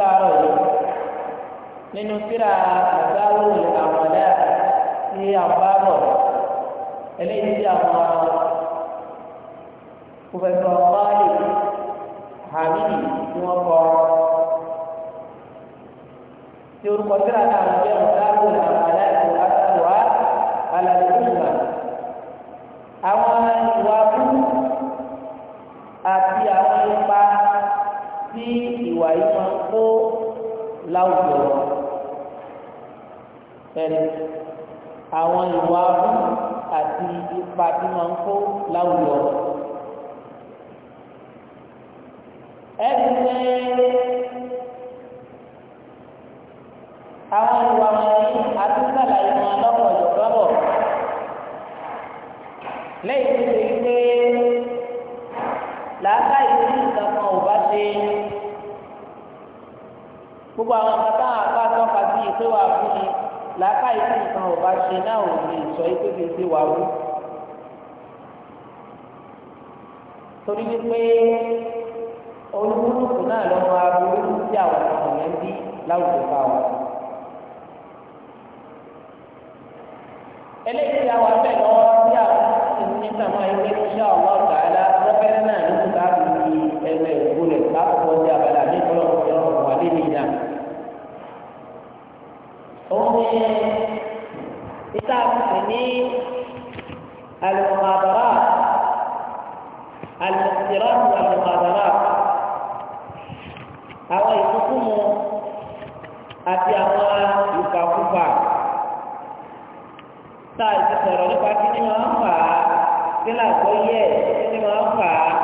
láàárọ̀ yìí nínú síra àgbáwò àwọ̀dá sí àbábọ̀ eléyìí sí àwọn pòfẹ́sọ̀ báyìí hamidi tí wọ́n kọ́ tí orúkọ síra náà jẹ́ àgbáwò àwọ̀dá. kó láwùjọ ẹni àwọn ìwà àti ipa tí wọ́n ń kó láwùjọ ẹni gbogbo àwọn kata àbá tọ́ka sí ìpè wà fún ni làákà ìpè nǹkan ò bá ṣe náà ò lè sọ ìpè kì í ṣe wà wú. torí wípé olúkúlùkù náà lọ́mọ aburú tí àwọn ọmọ yẹn bí láwùjọ bá wà. eléyìí tí a wà bẹ́ẹ̀ lọ́wọ́ tí àwọn ìsinmi sàmọ́ ẹgbẹ́ iṣẹ́ ọ̀gá ọ̀gá ẹ̀dá rọ́bẹ́rẹ́ náà nínú títà pè ní alùpàdàrà alùpàdàrà alùpàdàrà àwọn ìfúnfúnmu àti àwọn ìfàkúfà tá a ti sọ̀rọ̀ nípa kí ni wọ́n fà á kí ni àgbo yẹ kí ni wọ́n fà á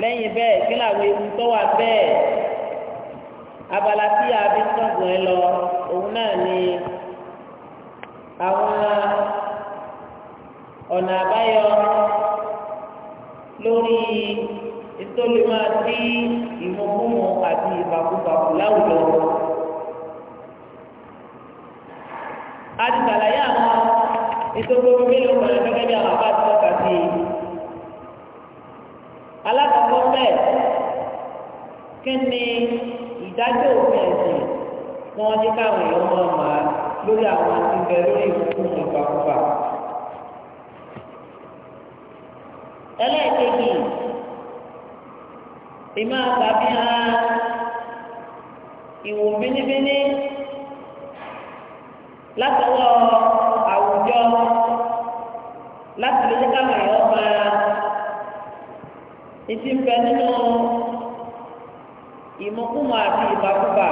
lẹ́yìn bẹ́ẹ̀ kí ni àwọn bẹ́ẹ̀ abala tí a fi ń tọ́gùn ẹ lọ òun náà ni àwọn ọ̀nà àbáyọ lórí ìtòlímà sí ìmọ̀kúmọ̀ àti ìbàkúbàkú láwùjọ. a ti sàlàyé àwọn ìṣòro mélòó kan gẹ́gẹ́ bí àwọn àbáṣe ọ̀kà sí i. alákọ̀ọ́kọ́ bẹ́ẹ̀ kí ni ìdájọ́ òfin ẹ̀sìn wọ́n ní káwọn èèyàn máa mà á lórí àwọn àti bẹ lórí ìfúnfún ìfàkùfà. ẹlẹ́ẹ̀kejì ìmọ̀ àtàbíhàn ìwò bínibíní látọwọ́ àwùjọ láti lè jẹ́ káwọn èèyàn máa ìtì nínú ìmọ̀kúmọ̀ àti ìbàkúbà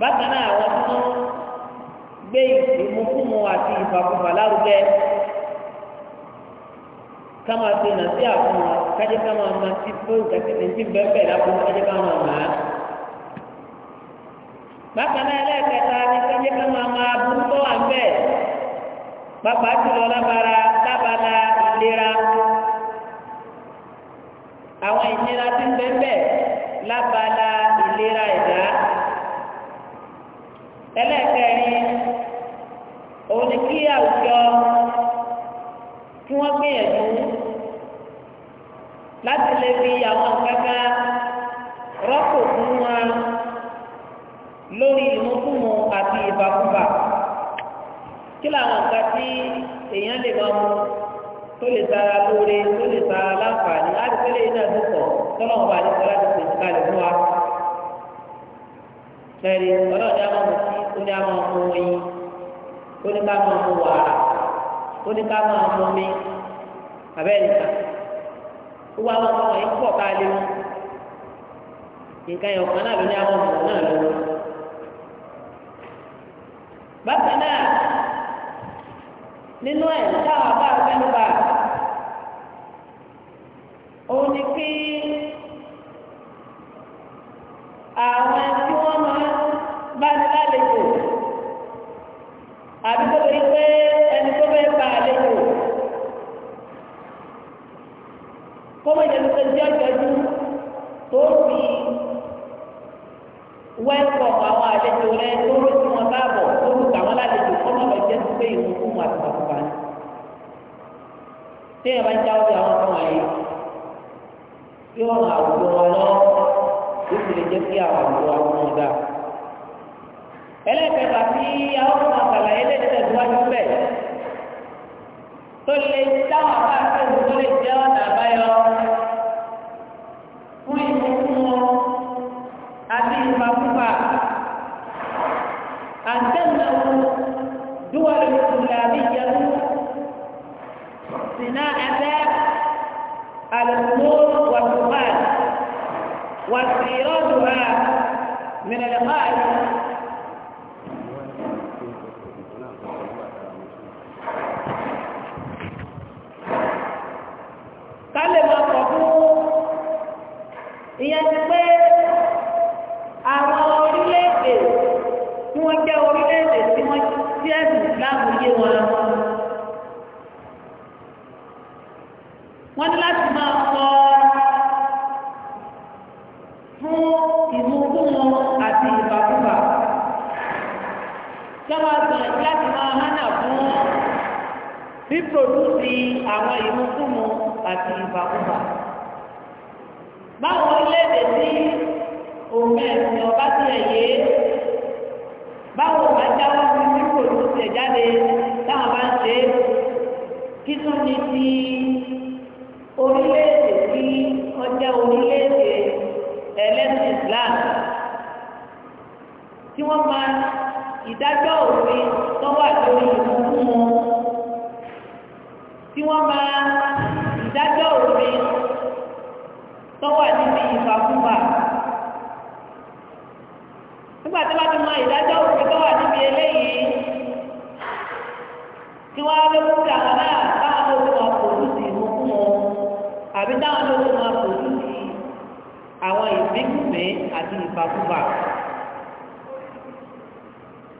bákan náà àwọn tí wọ́n gbé ìmúkúmu àti ìfàkùfà lárugẹ kama se na se àfún wa kájẹ kama ma ti fún ìgbàsẹ̀lẹ̀ ti bẹ́ẹ̀ bẹ́ẹ̀ lápò kájẹ kama ma á. bákan náà ẹlẹ́ẹ̀kẹta ni kájẹ kama ma burú tó wà bẹ́ẹ̀ pàpà jùlọ lábara lábala ìlera àwọn ìlera ti bẹ́ẹ̀ bẹ́ẹ̀ ìlera ẹ̀dá ẹlẹ́ẹ̀kẹrin òun ni kí àwùjọ kí wọ́n gbìyànjú láti lè fi àwọn kankan rọ́pò fún wọn lórí ìmúkúmu àti ìbàkúbà kí làwọn nǹkan tí èèyàn lè máa mu tó lè tara lóore tó lè tara láǹfààní àdìsílẹ̀ iná tó pọ̀ tọ́lọ́mọba àdìsílẹ̀ àti pèsè kalẹ̀ fún wa. Bẹ́ẹ̀ni ọlọ́ọ̀dẹ́ àwọn ọmọ sí ó ní àwọn ọmọ oyin ó ní ká máa mú wàrà ó ní ká máa mú mi abẹ́rẹ́ nìkan gbogbo àwọn ọmọ yìí pọ̀ ká lé wọn nǹkan yẹn ọ̀kan náà ló ní àwọn ọmọ náà lọ́wọ́ bákan náà nínú ẹ̀ táwọn bá fẹ́ ló bá òun ni kí. tàbí tó lè pé ẹni tó fẹ́ bá àlejò kọ́mọ ìdẹ́nu tó jẹ́ ọ̀jọ́jú tó fi wẹ́ẹ̀kọ̀ àwọn àlejò rẹ tó ló fi wọn báàbọ̀ tó lù kàwọn lálejò kọ́mọ ìdẹ́nu tó pé ìwọ̀n fún wọn àtùpàtùpà yóò ràn àwùjọ wọn lọ́wọ́ yóò fi lè jẹ́ kí àwọn àwùjọ wọn dáa ẹlẹ́kẹ̀ẹ́fà tí àwọn àgbàlá yẹn lè tẹ̀síwájú bẹ̀ tó lè dáhùn àbá àti ìwúlò lè jẹ́ ọ̀nà àbáyọ tó wà níbi ìfàkúfà nígbà tí wọ́n ti mọ ìdájọ́ òfin tó wà níbi eléyìí tí wọ́n á lókun tí àwọn náà táwọn lókun máa pò lùsì mú fún wọn àbí táwọn lókun máa pò lùsì àwọn ìbíkùnmí àti ìfàkúfà.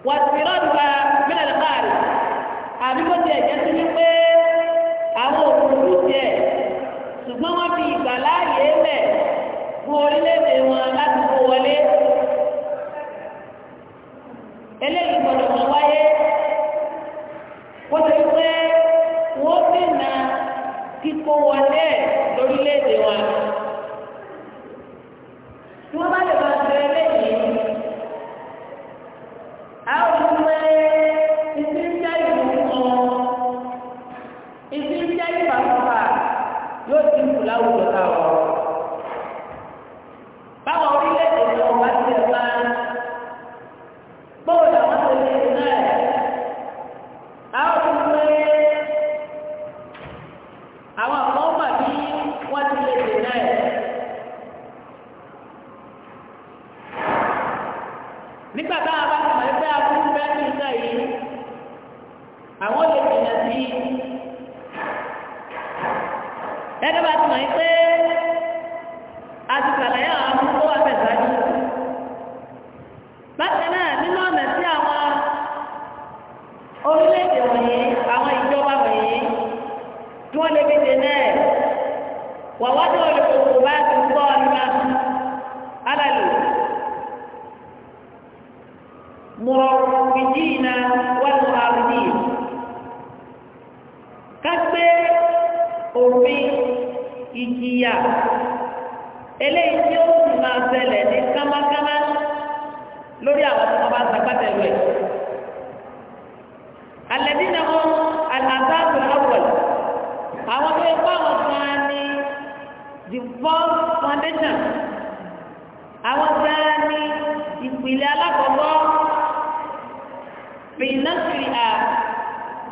wàtìrọ́dùwà mílẹ̀ lẹ́kọ̀ọ́ àbí bó ti ẹ̀jẹ̀ sí wípé àwọn òkú lùsì ẹ̀ ṣùgbọ́n wọ́n fi ìgbà láàyè lẹ̀ fún orílẹ̀-èdè wọn láti kó wọlé eléyìí gbọ́dọ̀ mọ̀ wáyé kó ti pé wọ́n dènà kíkó wọlé lórílẹ̀-èdè wọn tí wọ́n bá lè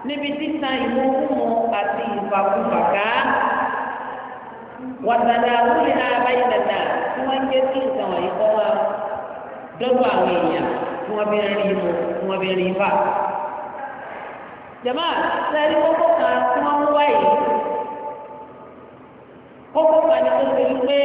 níbi títan ìmúkúmu àti ìfàkùfàká wàtàdà wúlì náà báyìí dàda tí wọ́n ń jẹ́ kí nǹkan wọ̀nyí kọ́ wá dọ́gba àwọn èèyàn tí wọ́n bí rí mu tí wọ́n bí rí bá. jama sẹ́rí kókó kan tí wọ́n ń wá yìí kókó kan ni ó ti rí pé.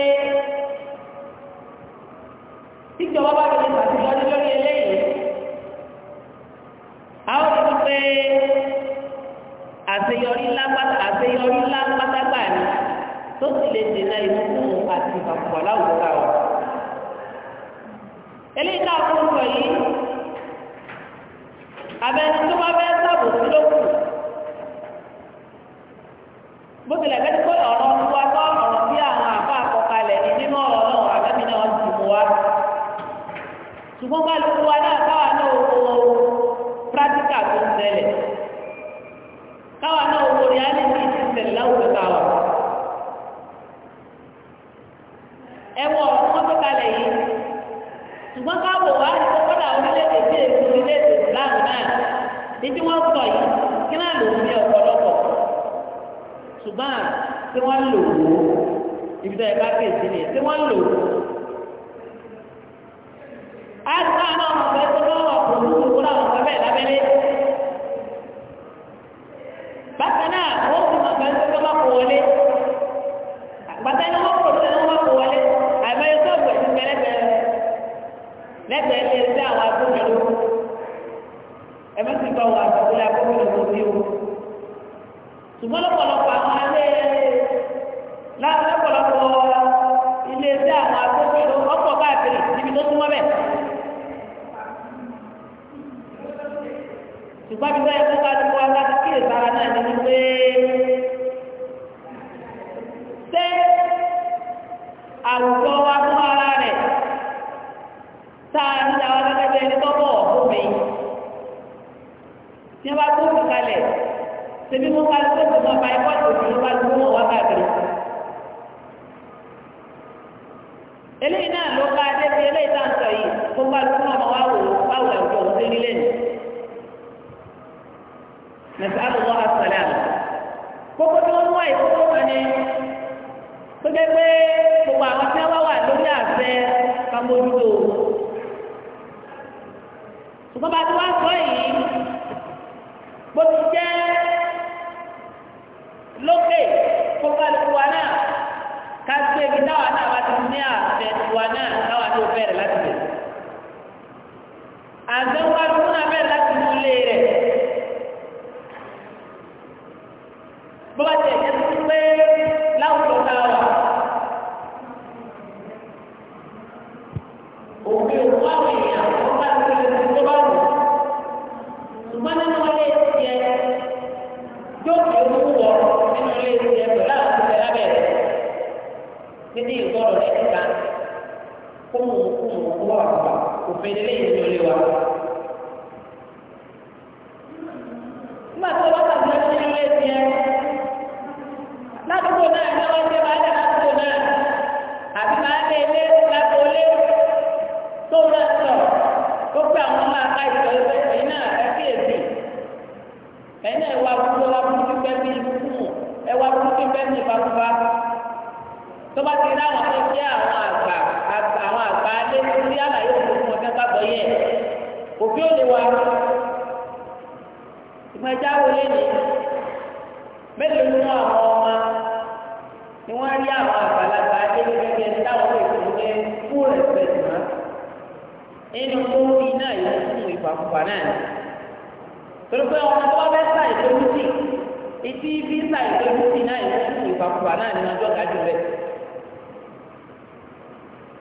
ìtì fíìsà ìtọ́jú sí náà ìtọ́jú ìfàkùfà náà ní ọjọ́ kájú rẹ̀.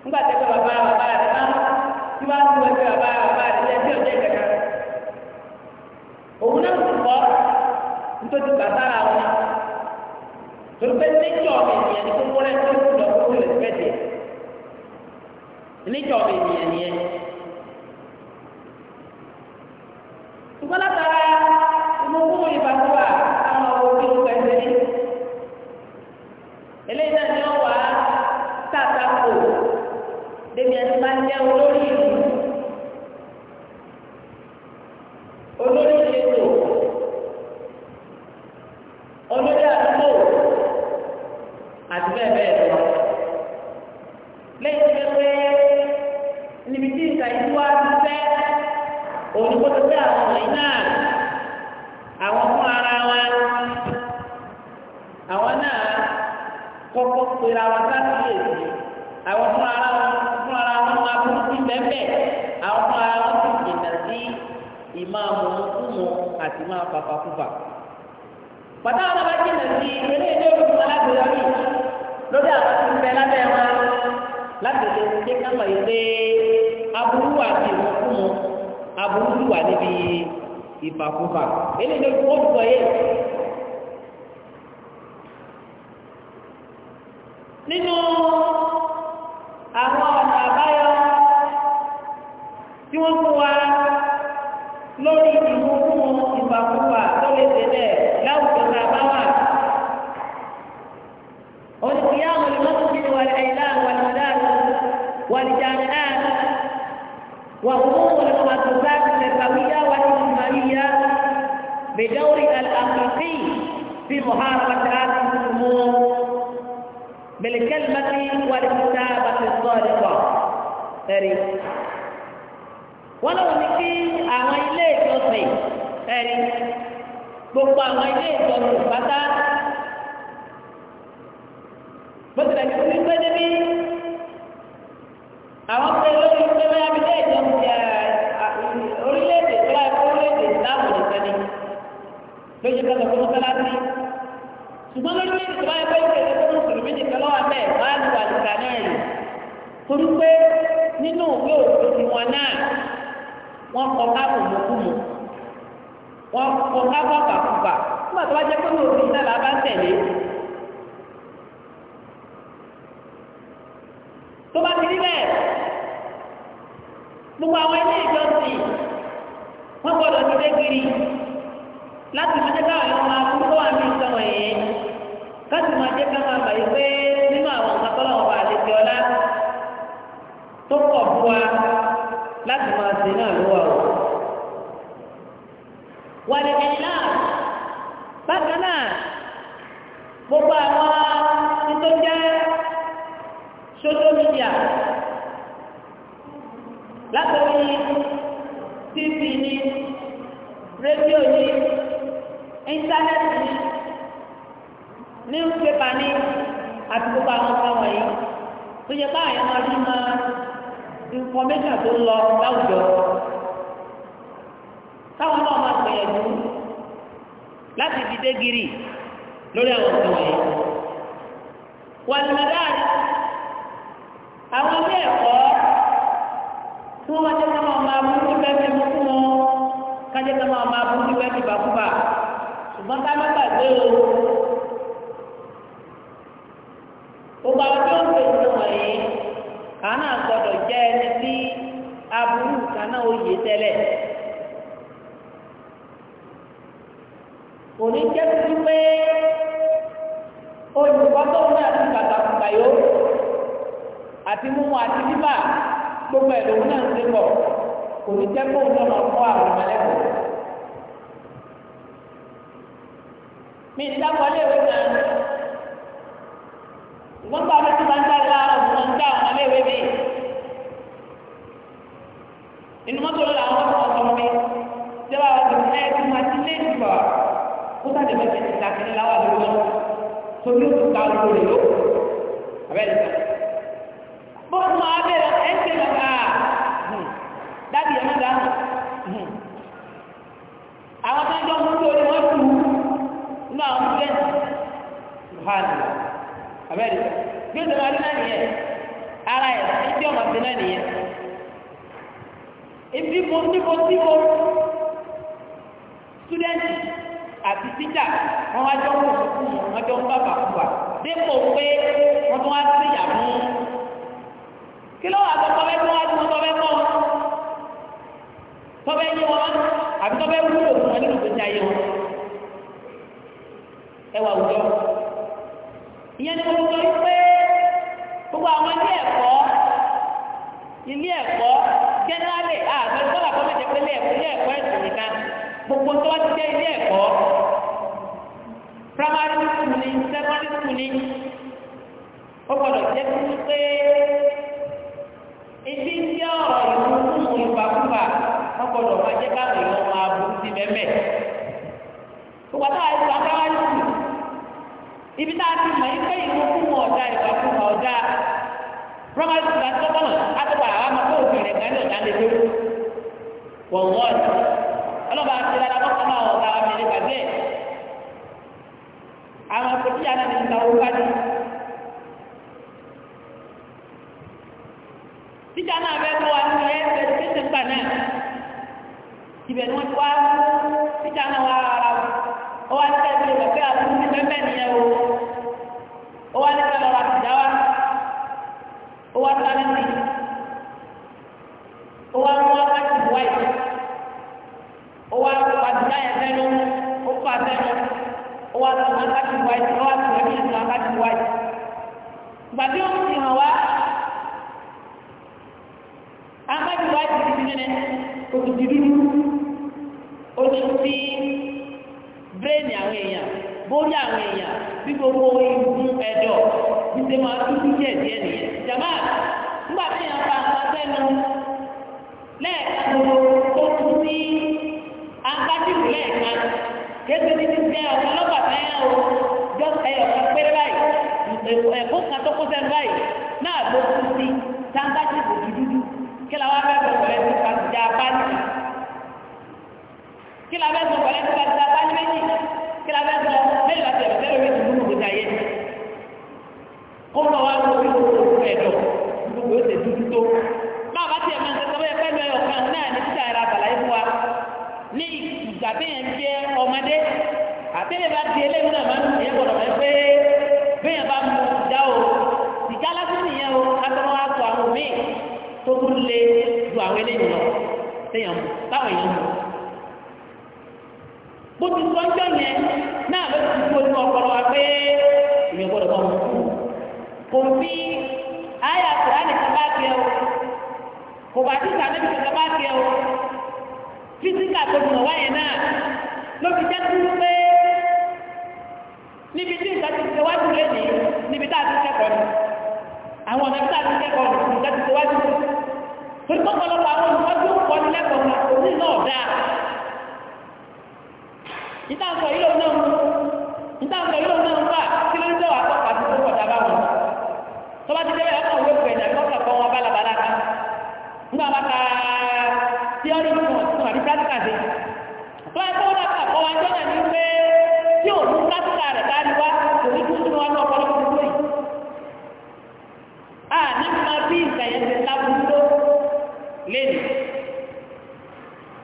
nígbà tẹ́tọ́ bàbá bàbá rẹ̀ náà tí wọ́n á tún ẹgbẹ́ bàbá bàbá rẹ̀ lẹ́sẹ̀ ọjọ́ ìkẹta. òun náà kò kọ́ nítorí bàtàrà wọn torí pé níjọ́ ènìyàn ní kókó rẹ̀ tó kú lọ tẹ̀ gbogbo àwọn ilé ìjọsìn pátá bó tilẹ̀ kí wọ́n gbé débi àwọn pé lórí pé bóyá ilé ìjọsìn orílẹ̀-èdè tó láì fún orílẹ̀-èdè ìsìláàmù nìkan ni lóye kan lọ́kọ́ mọ́sálásí ṣùgbọ́n lórílẹ̀-èdè tó láì fún orílẹ̀-èdè tó mùsùlùmí nìkan lọ́wọ́ abẹ́ máa ń wà nìkan náà rè torí pé nínú òwe òfin wọn náà wọ́n kọ́ káàbù wọ́n kọ́ kábọ̀ kàkúgbà nígbà tó bá jẹ́ pé mi ò fi iná làbá tẹ̀lé lórí àwọn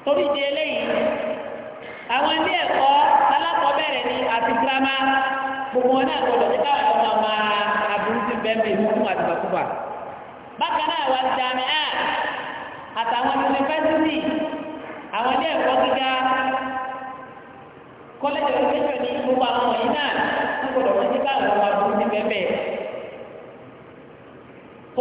torí di eléyìí àwọn ilé ẹ̀kọ́ alákọ̀ọ́bẹ̀rẹ̀ ni àti girama gbogbo wọn náà gbọdọ̀ ní káwọn ọmọ ọmọ aburú ti bẹ́ẹ̀ mi mú fún àtìbàkúbà bákan náà wà jàmẹ́ à àtàwọn yunifásitì àwọn ilé ẹ̀kọ́ gíga kọ́lẹ́jì òṣèlú ní gbogbo àwọn wọ̀nyí náà ń gbọdọ̀ wọn ní káwọn ọmọ aburú ti bẹ́ẹ̀ bẹ́ẹ̀ kò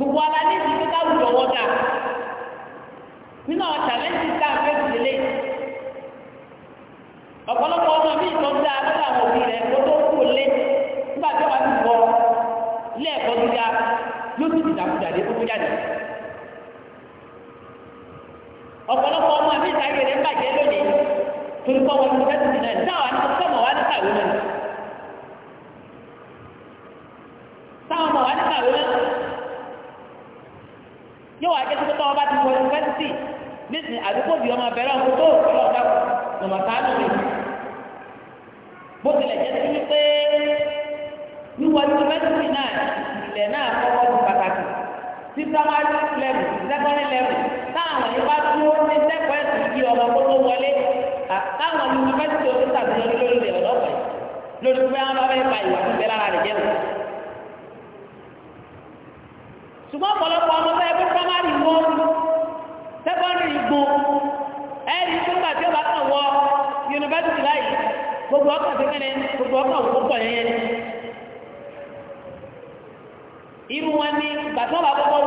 gbogbo ala ní ìdílé káwùjọ wọn dà nínú àwọn tàlẹ́ǹtì tá a fẹ́ sílé ọ̀pọ̀lọpọ̀ ọmọ mi ìtọ́ dá lọ́dọ̀ àwọn òbí rẹ̀ kó tó kú lé nígbà tí wọ́n ti bọ̀ ilé ẹ̀kọ́ tó dá yóò ti dìdàkudà dé kó tó jáde ọ̀pọ̀lọpọ̀ ọmọ mi ìta yẹrẹ ń bàjẹ́ lónìí torí kọ́ wọn fẹ́ tìtì náà náà wọn kọ́ mọ̀ táwọn mọ̀ wá nípa yóò wá jẹ́sí pípa ọba ti wọ yunifásitì nísìn àdúgbò bí ọmọ abẹ́rẹ́ ọkọ tó ọlọ́ ọba ọmọ sáánù rẹ̀ bó tilẹ̀ jẹ́ sí wípé wíwọ yunifásitì náà ilẹ̀ náà kọ́kọ́ ti pàtàkì sí sáwájú lẹ́wù sẹ́kọ́rì lẹ́wù táwọn yìí bá dúró ní sẹ́kọ̀ọ́ ẹ̀sìn yìí ọmọ gbogbo wọlé táwọn yunifásitì oníṣàbíyàn lórí rẹ̀ ọ̀dọ́ pẹ̀ lórí pé àwọn bá fẹ́ ṣùgbọ́n ọ̀pọ̀lọpọ̀ ọmọ bẹ́ẹ̀ bí primary mọ́ secondary gbọ́ ẹ̀rí nígbà tí ó bá kàn wọ yunifásitì láì gbogbo ọkàn tó kẹ́ni gbogbo ọkàn púpọ̀ yẹn irú wọn ni gbàtọ́ bá kọ́kọ́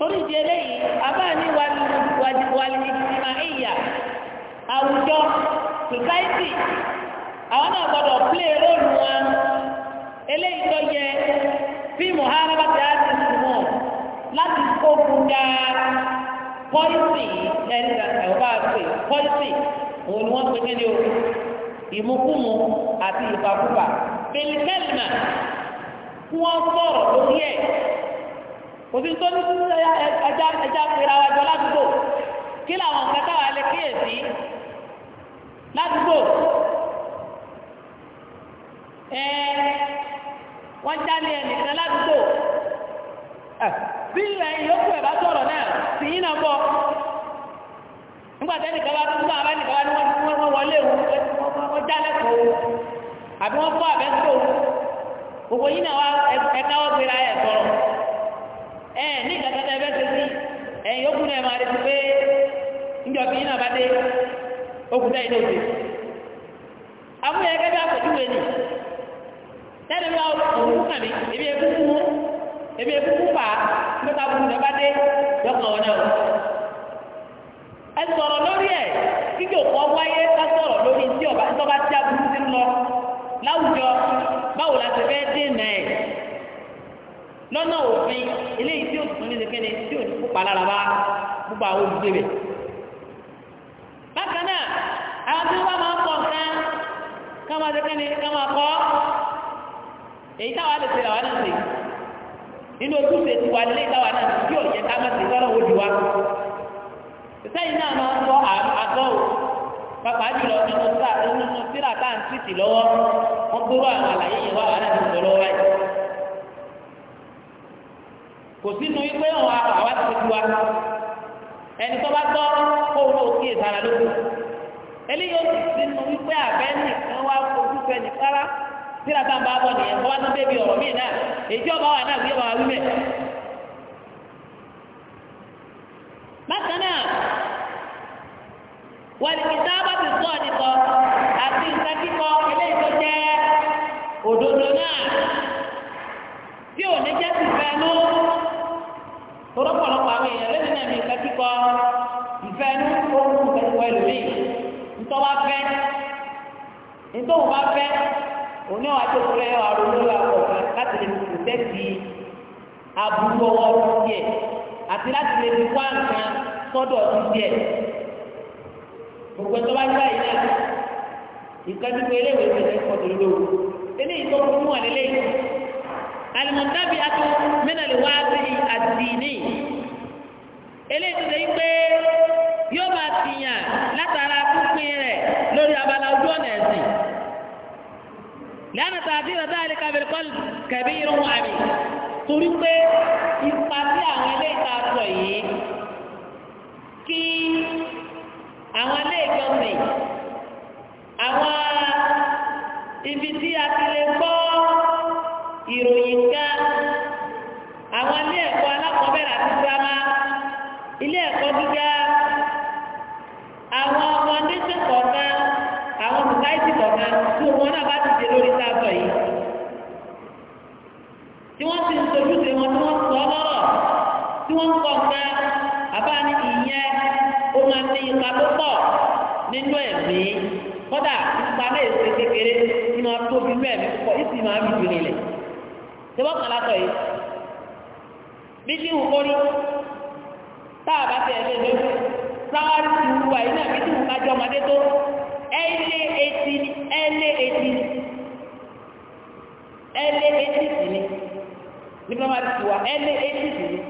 torí ìdí eléyìí àbá ní wàlìmìtìmá ìyà àwùjọ sòsáìtì àwọn náà gbọdọ̀ plé róòlù wọn eléyìí tó yẹ fíìmù haraba ti á ti sùn mọ́ láti kókun dá pọ́ìsì ẹni ẹ̀rọ bá pè pọ́ìsì òun ni wọ́n pe kí ni o ìmúkúmu àti ìfàkúfà bẹ̀lìkẹ́lìmà kí wọ́n sọ̀rọ̀ lórí ẹ̀ òfin tó ní ẹja ẹja pera wa jọ ládùúgbò kí làwọn nǹkan táwa lè kíyèsí ládùúgbò ẹ wọ́n jálè ẹnìkan ládùúgbò bí ẹ̀yin yòókù ẹ̀ bá sọ̀rọ̀ náà sì yín náà bọ̀ nígbà tí ẹnìkan bá tún bá abá nìkan bá ní wọ́n wọ́n wọlé òun wọ́n jálè kò ó àbí wọ́n fọ́ àbẹ́sọ̀ òun gbogbo yín náà ẹ̀ka ọ̀gbìn ra ẹ̀ sọ̀rọ̀. ẹ ní ìgbàgbọ́dọ̀ ẹgbẹ́ ṣe sí ẹ̀yìn ó pé náà bá dé amúyẹ gẹ́gẹ́ ni tẹ́lẹ̀ mi òkú kàn mí ebi ekúkú ebi ekúkú fà á nígbà tó kùn náà dé yọkàn wọn náà ẹ sọ̀rọ̀ lórí ẹ̀ kíkẹ́ òkú wáyé ká sọ̀rọ̀ lórí tí ọba tí ọba tí a sí lọ láwùjọ báwo la fẹ́ dé ẹ̀. lọ́nà òfin eléyìí tí ó tún ní sekẹ́ni tí ò ní kópa lára bá gbogbo àwọn olùgbé rẹ̀. bákan náà àwọn tí wọ́n máa ń pọ̀ nǹkan ká máa sekẹ́ni ká máa kọ́ èyí táwa lè ṣe làwọn náà ṣe nínú ojúṣe tiwa lé táwa náà ṣe tí ò yẹ ká máa ṣe lọ́nà òdì wa. sẹ́yìn náà máa ń kọ́ àgọ́ o pàpà jùlọ nínú síra à ń títì lọ́wọ́ wọ́n gbóró àwọn àlàyé yẹn wá wà náà ti sọ lọ́wọ́ báyìí kò sínú wípé àwọn àwa ti tu wa ẹni tó bá tọ́ kó wọ́n òkè ìsara lóko eléyìí ó sì sínú wípé àbẹ́ni kan wá fojú fẹ́ nìkára síra tá à ń bá bọ̀ nìyẹn kó wá tó débi ọ̀rọ̀ míì náà èyí tí ọba wà náà wíyọ̀ wá wí mẹ́. sọ́dọ̀ ti díẹ̀ gbogbo ẹ̀tọ́ bá gbá yìí náà ìkànnì pé eléwèé ìpèsè ìfọdù lóru eléyìí tó fún wọn lélẹyìí alimọtabi ato mẹnali wáàbí àdìní eléyìí tó lẹ́yìn pé yóò máa tìyàn látara pínpín rẹ̀ lórí abala ojú ọ̀nà ẹ̀sìn lẹ́yìn tààtì rẹ̀ dáhàlì kábìrì kọ́lù kẹ̀bí irun wàmí torí pé ipa àwọn eléyìí ta sọ yìí kí àwọn ilé ìjọsìn àwọn ibi tí a ti lè gbọ́ ìròyìn ká àwọn ilé ẹ̀kọ́ alákọ̀ọ́bẹ̀rẹ̀ àti girama ilé ẹ̀kọ́ gíga àwọn ọmọ nation kọ̀ọ̀kan àwọn society kọ̀ọ̀kan tí wọn náà bá ti dé lórí sáàtọ̀ yìí tí wọ́n ti ń sojúṣe wọn tí wọ́n sọ lọ́rọ̀ tí wọ́n ń kọ̀ọ̀kan àbá ní ìyẹn ó máa ní ipa tó pọ̀ nínú ẹ̀mí kódà ipa náà èsì kékeré tí máa tóbi nínú ẹ̀mí púpọ̀ ìsì máa ń bìbì nílẹ̀ ṣé wọ́n kàn látọ̀ yìí bí tí wù kórí tá a bá ti ẹ̀ lé lórí sáwárí ti wù wá yìí náà bí tí wù ká jọ ọmọdé tó ẹ lé etí ni ẹ lé etí ni ẹ etí sí ni nígbà máa ti wà ẹ etí sí ni.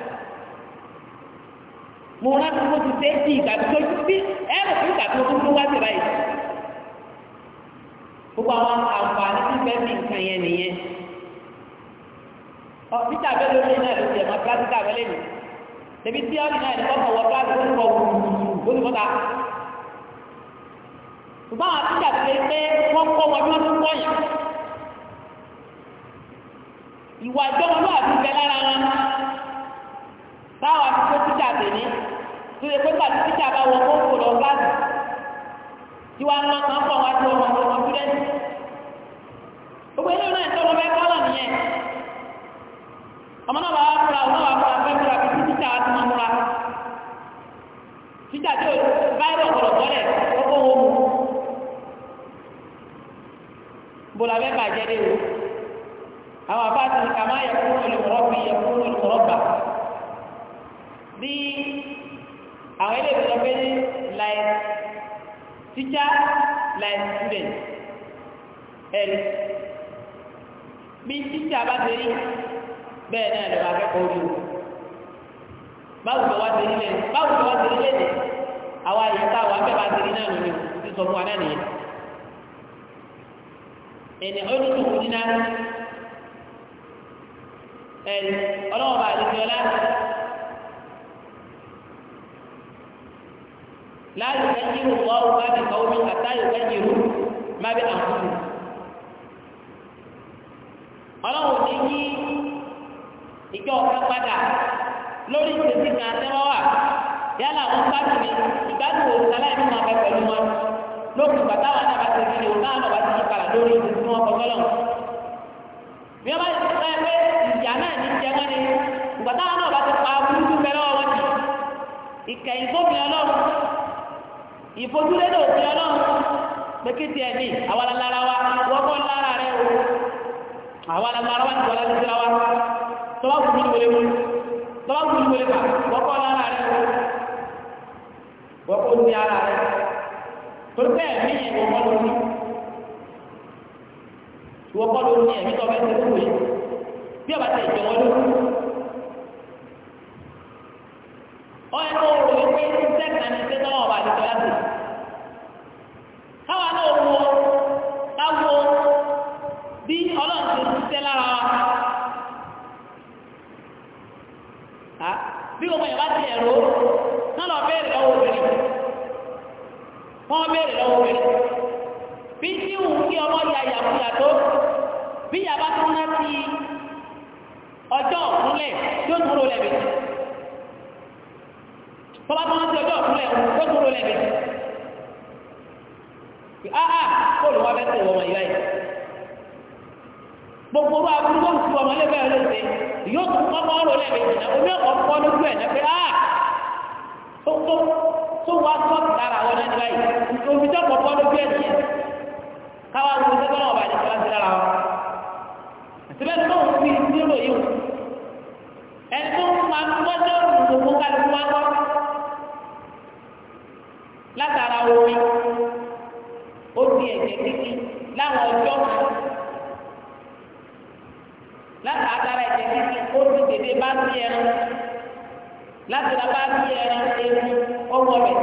mo rántí mo ti ìgbà tó fún ìgbà tó tó wá gbogbo àwọn àǹfààní tí bẹ́ẹ̀ fi nǹkan yẹn nìyẹn. ọ̀pítà bẹ́ẹ̀ ló náà ló ti ẹ̀mọ́ pílásítà wẹ́lẹ́ nì. tẹ̀bí tí ọ́nì náà ní kọ́kọ́ wọ pílásítà kọ́ ìwà ìjọba náà ti bẹ lára wọn báwa ti tó títà tèmi tó lè pé pàtó títà bá wọ kókò lọ báàgì tí wàá lọ kàn pọ̀ wá tó ọmọ ọmọ túdẹ́sì gbogbo ilé náà tó ọmọ bẹ́ẹ̀ kọ́lọ̀ nìyẹn ọmọ náà bá wá fúra ọmọ wá fúra fẹ́ fúra fi tí títà wá ti máa múra títà tó báyìí ọ̀pọ̀lọ̀ bọ́lẹ̀ kókó wọn mú bọ́lá bẹ́ẹ̀ bàjẹ́ dé o àwọn àbá àti kàmáyà kúrò yẹ kúrò lè rọ́ọ̀bà bí àwọn ilé ìtọ́jú pé ní like teacher like student ẹ̀rí bí teacher bá ṣe rí bẹ́ẹ̀ náà lọ́wọ́ akẹ́kọ̀ọ́ rí o báwo lọ́wọ́ ṣe rí lẹ́nu báwo lọ́wọ́ ṣe rí lẹ́nu àwọn àyè táwọn abẹ́ bá ṣe rí náà lónìí ti sọ fún wa náà nìyẹn ẹni ọdún tó kù nínú ẹni ọlọ́wọ́ bá àdéjọ́lá لا kẹ́kìrù الله bá mi kọ́ omi ما kẹ́kìrù má bí àǹfààní. ọlọ́run ní kí ìjọ ọ̀kan padà lórí ìṣesí kan àtẹ́wọ́ wà yálà wọn bá ti ní ìgbádùn òòrùn aláìní máa bẹ pẹ̀lú wọn lókùn bàtà wọn náà bá ni òun náà lọ ti yí padà lórí ìṣesí wọn kọ́ ìfojúlé ló ti ọlọ́run pékétì ẹ̀ ní àwa la lára wa wọ́pọ̀ lára rẹ o àwa la lára wa ti wọ́n láti síra wa tọ́wọ́ kù ní wọlé wọn tọ́wọ́ kù ní wọlé wa wọ́pọ̀ lára rẹ o wọ́pọ̀ ní ara rẹ torí bẹ́ẹ̀ mí yẹn wọ́pọ̀ lórí ìwọ kọ́ ní ẹ̀mí tó ọbẹ̀ tó kú yìí bí ọba tẹ ìjọ wọn ló ọ̀yẹ́ kó o rò wípé iṣẹ́ kan ní iṣẹ́ tọ́wọ́ ọba àti yàkúyà tó bí yàbá ah, ah, tó ná sí ọjọ́ òkúnlẹ̀ tó dúró lẹ́bi tọ́lá tó ná sí ọjọ́ òkúnlẹ̀ tó dúró lẹ́bi áá kóòlù wá bẹ́ẹ̀ tó wọ́n yá yìí gbogbo wa burúkú fún ọmọ lẹ́gbẹ̀ẹ́ lóde yóò tún kọ́kọ́ ọ̀rọ̀ lẹ́bi náà omi ọ̀kọ́ kọ́ lójú ẹ̀ náà pé áá ah, tó wá sọ́ọ̀tì lára wọn náà ní báyìí òfìjọ́ kọ̀ọ̀kan lójú ẹ̀ káwá ló ṣe tọ́lọ́ ọba àdìsọ́lá ti lára wa síbẹ̀ tó ń fi zero yìí ẹni tó ń máa ń gbọ́dọ̀ gbogbo kálukú wá gbọ́ látara omi ó di ẹ̀jẹ̀ kíkì láwọn ọjọ́ kan látara ẹ̀jẹ̀ kíkì ó ti dèdè bá sí ẹran látara bá sí ẹran ewu ọwọ́ rẹ̀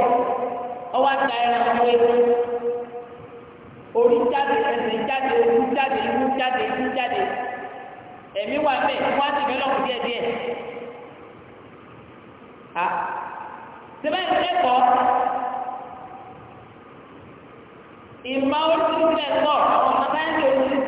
ọwọ́ àti ẹran ọwọ́ ewu orí jáde ẹsẹ̀ jáde ojú jáde inú jáde inú jáde ẹ̀mí wà bẹ́ẹ̀ wọ́n á ti bẹ́ẹ̀ lọ́kùn díẹ̀ díẹ̀ a sẹ́fẹ̀ẹ́ kẹ́kọ̀ọ́ ìmọ̀ orí ti ń àwọn ọmọ sáyẹ́ǹsì orí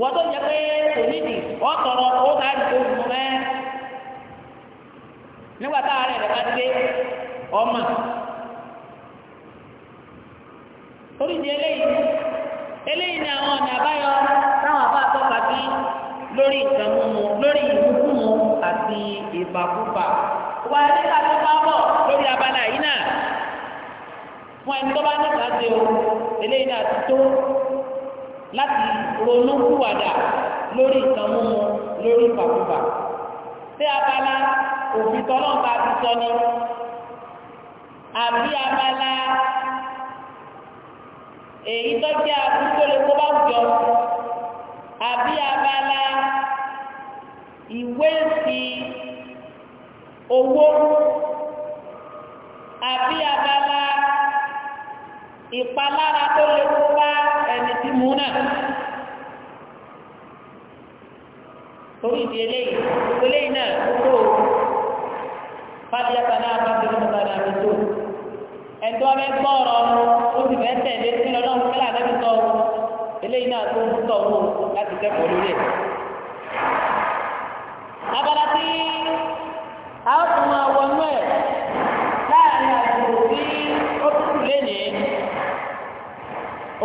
wọ́n tó jẹ pé kò nídìí wọ́n tọrọ owó ká ní kó fún mẹ́ nígbà táwa rẹ̀ rẹ̀ bá dé ọmọ torí di eléyìí eléyìí ni àwọn ọ̀nà àbáyọ táwọn àbá àtọ́ka bí lórí ìtàmú mu lórí ìmúkú mu àti ìbàkúbà wà nígbà tó bá bọ̀ lórí abala yìí náà fún ẹni tó bá nígbà tó eléyìí náà ti tó láti ronú kúwàdà lórí ìtàn mímu lórí ìpàkúpà ṣé abala òfin tọ́lọ́ta ti sọ ni àbí abala èyí tó jẹ́ àkókò lè kó bá jọ àbí abala ìwé sí owó àbí abala ìpalára tó lè kó bá ẹni tí mú náà torí ìdí eléyìí eléyìí náà kókó fàdíyàtà náà bá tẹ̀lé mọ́ta náà fi tó ẹ̀tọ́ bẹ gbọ́ ọ̀rọ̀ ó sì fẹ́ tẹ̀lé sí lọ́nà kílà lẹ́bi tọ́ eléyìí náà tó ń tọ̀ wò láti kẹ́kọ̀ọ́ lórí ẹ̀. abala tí a ó tún máa wọnú ẹ̀ àsìkò tí ó tútù lénìí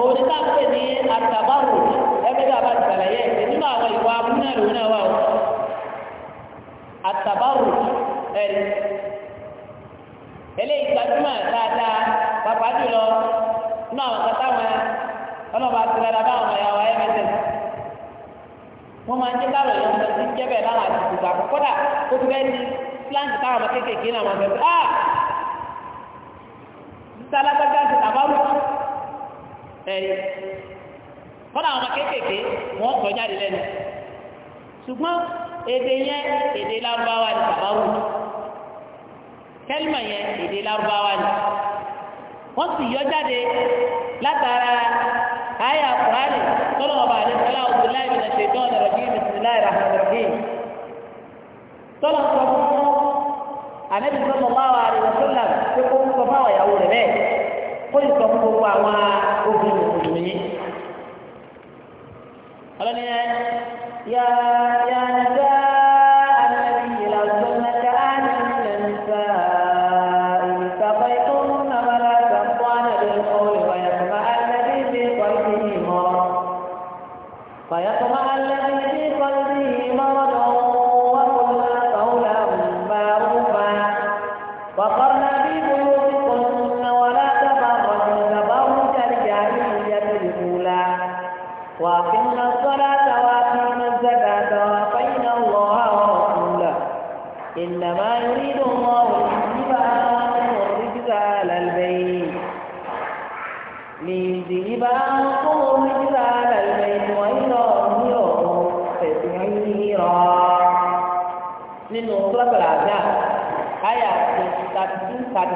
òun ni ká pè ní àtàbáwò ẹgbẹ́ bí a bá ti sàlàyé ẹ̀sẹ̀ nínú àwọn ìwà abúlé náà wà ó àtàbáwò ẹ̀rí eléyìí gbajúmọ̀ dáadáa pàpà jùlọ nínú àwọn kata wọn ọlọ́ba ti rẹ̀ bá àwọn ẹ̀yà wa ẹ̀mẹ́sẹ̀ wọ́n máa ń jẹ́ káwọn èèyàn lọ sí jẹ́bẹ̀ẹ́ láwọn àtìkù gbà kọ́dà kó fi bẹ́ẹ̀ ní píláǹtì táwọn ọmọ kéékèèké náà máa bẹ̀rẹ̀ tálágbájá ti tàbárù ẹ̀yìn fọ́nà àwọn kéékèèké wọ́n sọ jáde lẹ́nu ṣùgbọ́n èdè yẹn èdè lárúbáwá ni tàbárù kẹ́lìmọ̀ yẹn èdè lárúbáwá ni wọ́n sì yọ jáde látara àyà kùránì tọ́lọ̀ ọba àdéṣọ́lá ọ̀gbìn láì bìnà ṣètò ọ̀nà rọ̀jì bìsìláì rahman rahim tọ́lọ̀ sọ fún Ànábì sallallahu alaihi wasallam kó ìsọ fún gbogbo àwọn obìnrin mùsùlùmí. ọlọ́ni yá.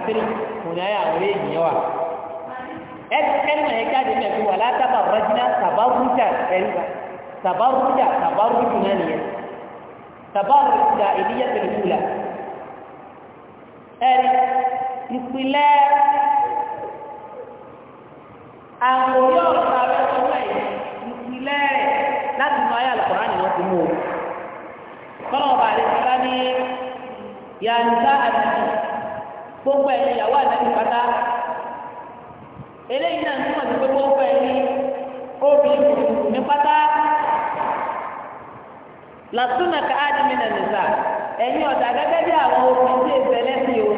tírì òun ayé àwọn eléyìí yẹn wà ẹnu ẹ̀ jáde mẹ́fì wà látàbà rọ́jìnà tàbárújà ẹ̀ríwá tàbárújà tàbárújù náà nìyẹn tàbárújà ìdíyẹ tẹ̀lifúlà ẹ̀rí ìpìlẹ̀ àwòrán ọ̀rọ̀ ààrẹ ọ̀rọ̀ ẹ̀ ìpìlẹ̀ láti mọ ayé àlùkò ránìyàn gbogbo ẹni ìyàwó ànábì pátá eléyìí náà túmọ̀ sí pé gbogbo ẹni obìnrin mùsùlùmí pátá làtúnà ká ádìmí nà nìta ẹ̀yin ọ̀dà gẹ́gẹ́ bí àwọn obìnrin tí èsè o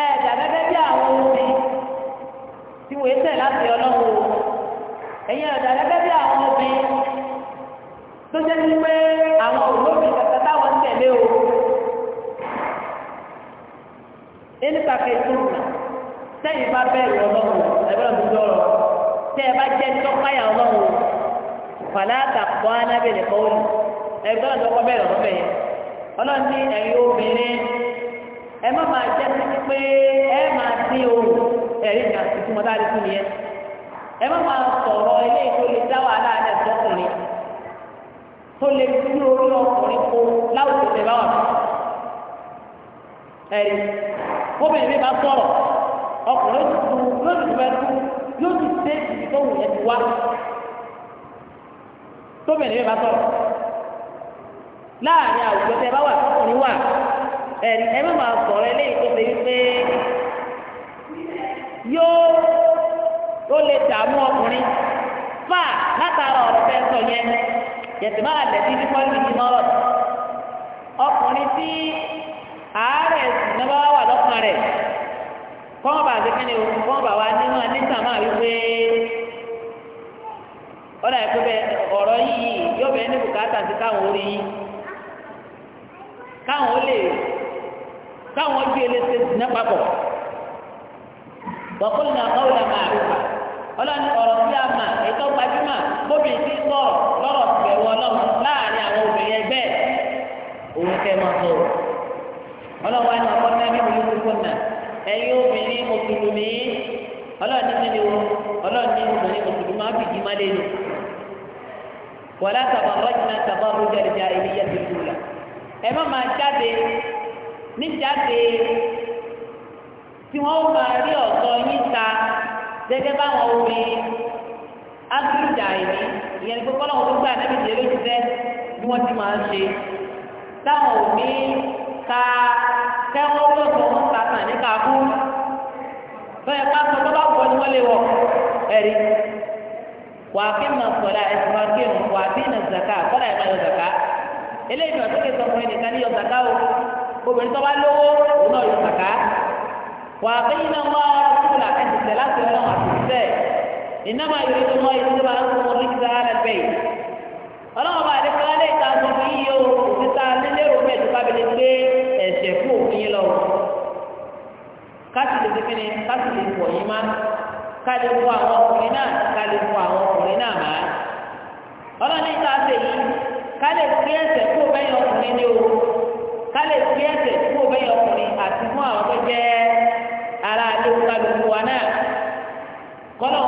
ẹ̀ẹ́dà gẹ́gẹ́ bí àwọn obìnrin tí wọ́n láti ọlọ́run o tẹ̀lé sunna sẹ́yìn bá bẹ́ẹ̀ lọ lọ́wọ́ ẹgbẹ́ mi lọ́rọ̀ tẹ́ ẹ bá jẹ́ tọ́páyà lọ́wọ́ fàlàtà kọ́ anábẹ́lẹ̀ kọ́wọ́lù ẹgbẹ́ mi lọ́kọ́ bẹ́ẹ̀ lọ́wọ́ bẹ́ẹ̀ ọlọ́ni ẹ̀yin obìnrin ẹ má máa jẹ́ títí pé ẹ máa dín oòrùn ẹ̀rí ìgbà tuntun mọ́ dáadé fún yẹn ẹ má máa sọ̀rọ̀ ilé kó láwùjọ tẹ̀ ẹ̀rí obìnrin mi bá sọ̀rọ̀ ọkùnrin yóò ti tu yóò ti tu yóò ti dé ibi tó wù yẹn ti wá tóbìnrin mi bá sọ̀rọ̀ láàrin àwùjọ tẹ bá wà tọkùnrin wà ẹ̀rí ẹ má máa sọ̀rọ̀ eléyìí tó ṣe wípé yóò ó lè dààmú ọkùnrin fà látara ọ̀rọ̀ fẹ́ sọ yẹn yẹtùmọ́ àlẹ́ tí ní pọ́ńtì ọkùnrin tí. àárẹ̀ ìnáwó wà lọ́kàn rẹ̀ kọ́mọ̀ bá ti kíni o kọ́mọ̀ wa wípé ọ̀dà ẹ̀kọ́ bẹ ọ̀rọ̀ yìí yóò bẹ ní bùkátà sí káwọn orí yìí káwọn ó káwọn ojú elése dìnnà papọ̀ bọ̀kúlù náà kọ́ ọ̀là máa rúbà ọlọ́ni ọ̀rọ̀ bí a ètò gbajúmọ̀ bóbi ti sọ̀rọ̀ lọ́rọ̀ bẹ̀wọ̀ ọlọ́run láàrin àwọn obìnrin ẹgbẹ́ òun kẹ́ máa sọ̀rọ̀. ọlọ́wọ́ àti ọkọ náà níbi ìlú kúkú náà ẹ̀yin obìnrin mùsùlùmí ọlọ́ọ̀ni níbi wo ọlọ́ọ̀ni obìnrin mùsùlùmí máa fi jí má lé ní. wàlá tàbá rọ́jìnà tàbá rújà lè ja ilé yẹ ti dùn la. ẹ má máa jáde ní jáde tí wọ́n máa rí ọ̀tọ̀ yín ta gẹ́gẹ́ báwọn obìnrin ágíríjà ìní ìyẹn ní pé kọ́lọ́wọ́n tó gbà náà bìí lójú ká kẹ́wọ́n wọ́n bọ̀ wọ́n ká tàn ní káàkú bẹ́ẹ̀ ká sọ tó bá wọ ni wọ́n lè wọ̀ ẹ̀rí wà á fi mà sọ̀rọ̀ ẹ̀sìn máa kí òun wà á fi nà zaka kọ́lá ẹ̀ máa yọ zaka eléyìí náà tó ké sọ fún ẹnìkan ní yọ zaka o obìnrin tó bá lówó òun náà yọ zaka wà á fi iná mọ́ ọ́nà ẹ̀sìn tẹ̀ láti ọlọ́run àti ìfẹ́ ìnáwó ayọ̀rẹ́ tó mọ́ ìdílé wa ń sọ ọlọ́wọ́n bá àdékọ́ lálẹ́ ìta sọ fún yíyó òfin tá a nílé òfin ẹ̀sùn bá bẹ̀rẹ̀ gbé ẹ̀sẹ̀ fún òfin yín lọ. káàsì lè fi kíni káàsì lè pọ̀ yín má káàlè fún àwọn ọkùnrin náà káàlè fún àwọn ọkùnrin náà má. ọlọ́ni ìta ṣe yìí káàlè gbé ẹ̀sẹ̀ fún òbẹ́yìn ọkùnrin ní o káàlè gbé ẹ̀sẹ̀ fún òbẹ́yìn ọkùnrin àti fún àwọn tó jẹ́ ara àdéhùn kálukú wa náà kọ́lọ́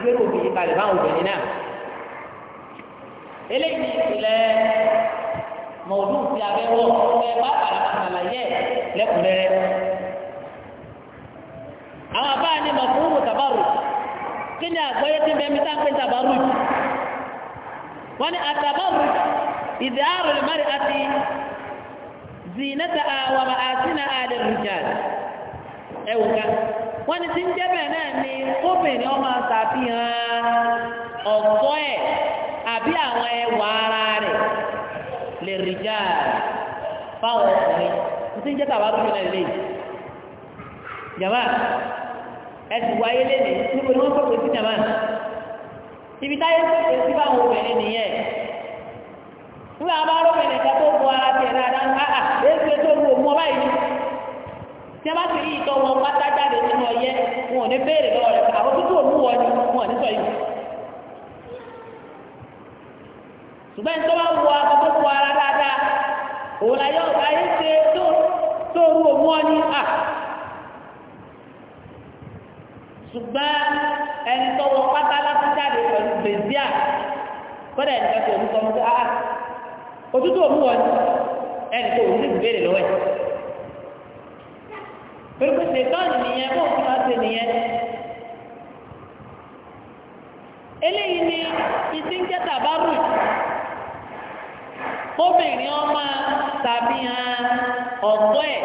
gbérò mi yí kalẹ̀ báwọn obìnrin náà eléyìí ìpìlẹ̀ mọ̀ọ́dún ti abẹ́wọ̀ ẹ bá bàrà àlàyé lẹ́kùnrẹ́rẹ́ àwọn abá ni mọ̀kúrú tàbárù kí ni àgbọ́yé tí bẹ́ẹ̀ mi tá ń pè tàbárù jù wọ́n ní àtàbárù ìdáàrò lè márì àti zinata àwọn àti náà àdẹ̀rù jáde ẹ̀wù ká wọ́n ní ń jẹ́ náà ni kóbìnrin ọmọ ṣàfihàn ọ̀gbọ́ ẹ̀ àbí àwọn ẹwà ara rẹ̀ lè rí já fáwọn ọkùnrin tí ń jẹ́ tàbá tó lè lè jàmá ẹ ti wáyé lẹ́nìí níbo ni wọ́n fọ́ pé sí jàmá ibi táyé fọ́ pé sí obìnrin nìyẹn nígbà wọn bá rọ́bìnrin kan tó bu ara tiẹ̀ dáadáa ń ah, bá ah, èyí tó tó bu òun ọba yìí tí a bá ti rí ìtọ́ wọn pátá jáde nínú ọyẹ́ wọn ò ní béèrè lọ́wọ́ rẹ̀ àwọn tó tó mú wọn ni wọn ní sọ yìí ṣùgbọ́n ní tó bá wọ akọ́kọ́ fún ara dáadáa òun la yọ ọ̀gá yìí ṣe tó tó rú òmú ọ ní à ṣùgbọ́n ẹni tó wọ pátá láti jáde pẹ̀lú bèzíà kọ́dà ẹni kẹ́kọ̀ọ́ ní sọ fún pé ah òtútù òmú wọn ẹni tó òun sì béèrè lọ́wọ́ ẹ̀. pépé ṣètọ́nì nìyẹn bó ń fún nìyẹn eléyìí ni ìdí ń obìnrin ọmọ ọ̀gbọ́ ẹ̀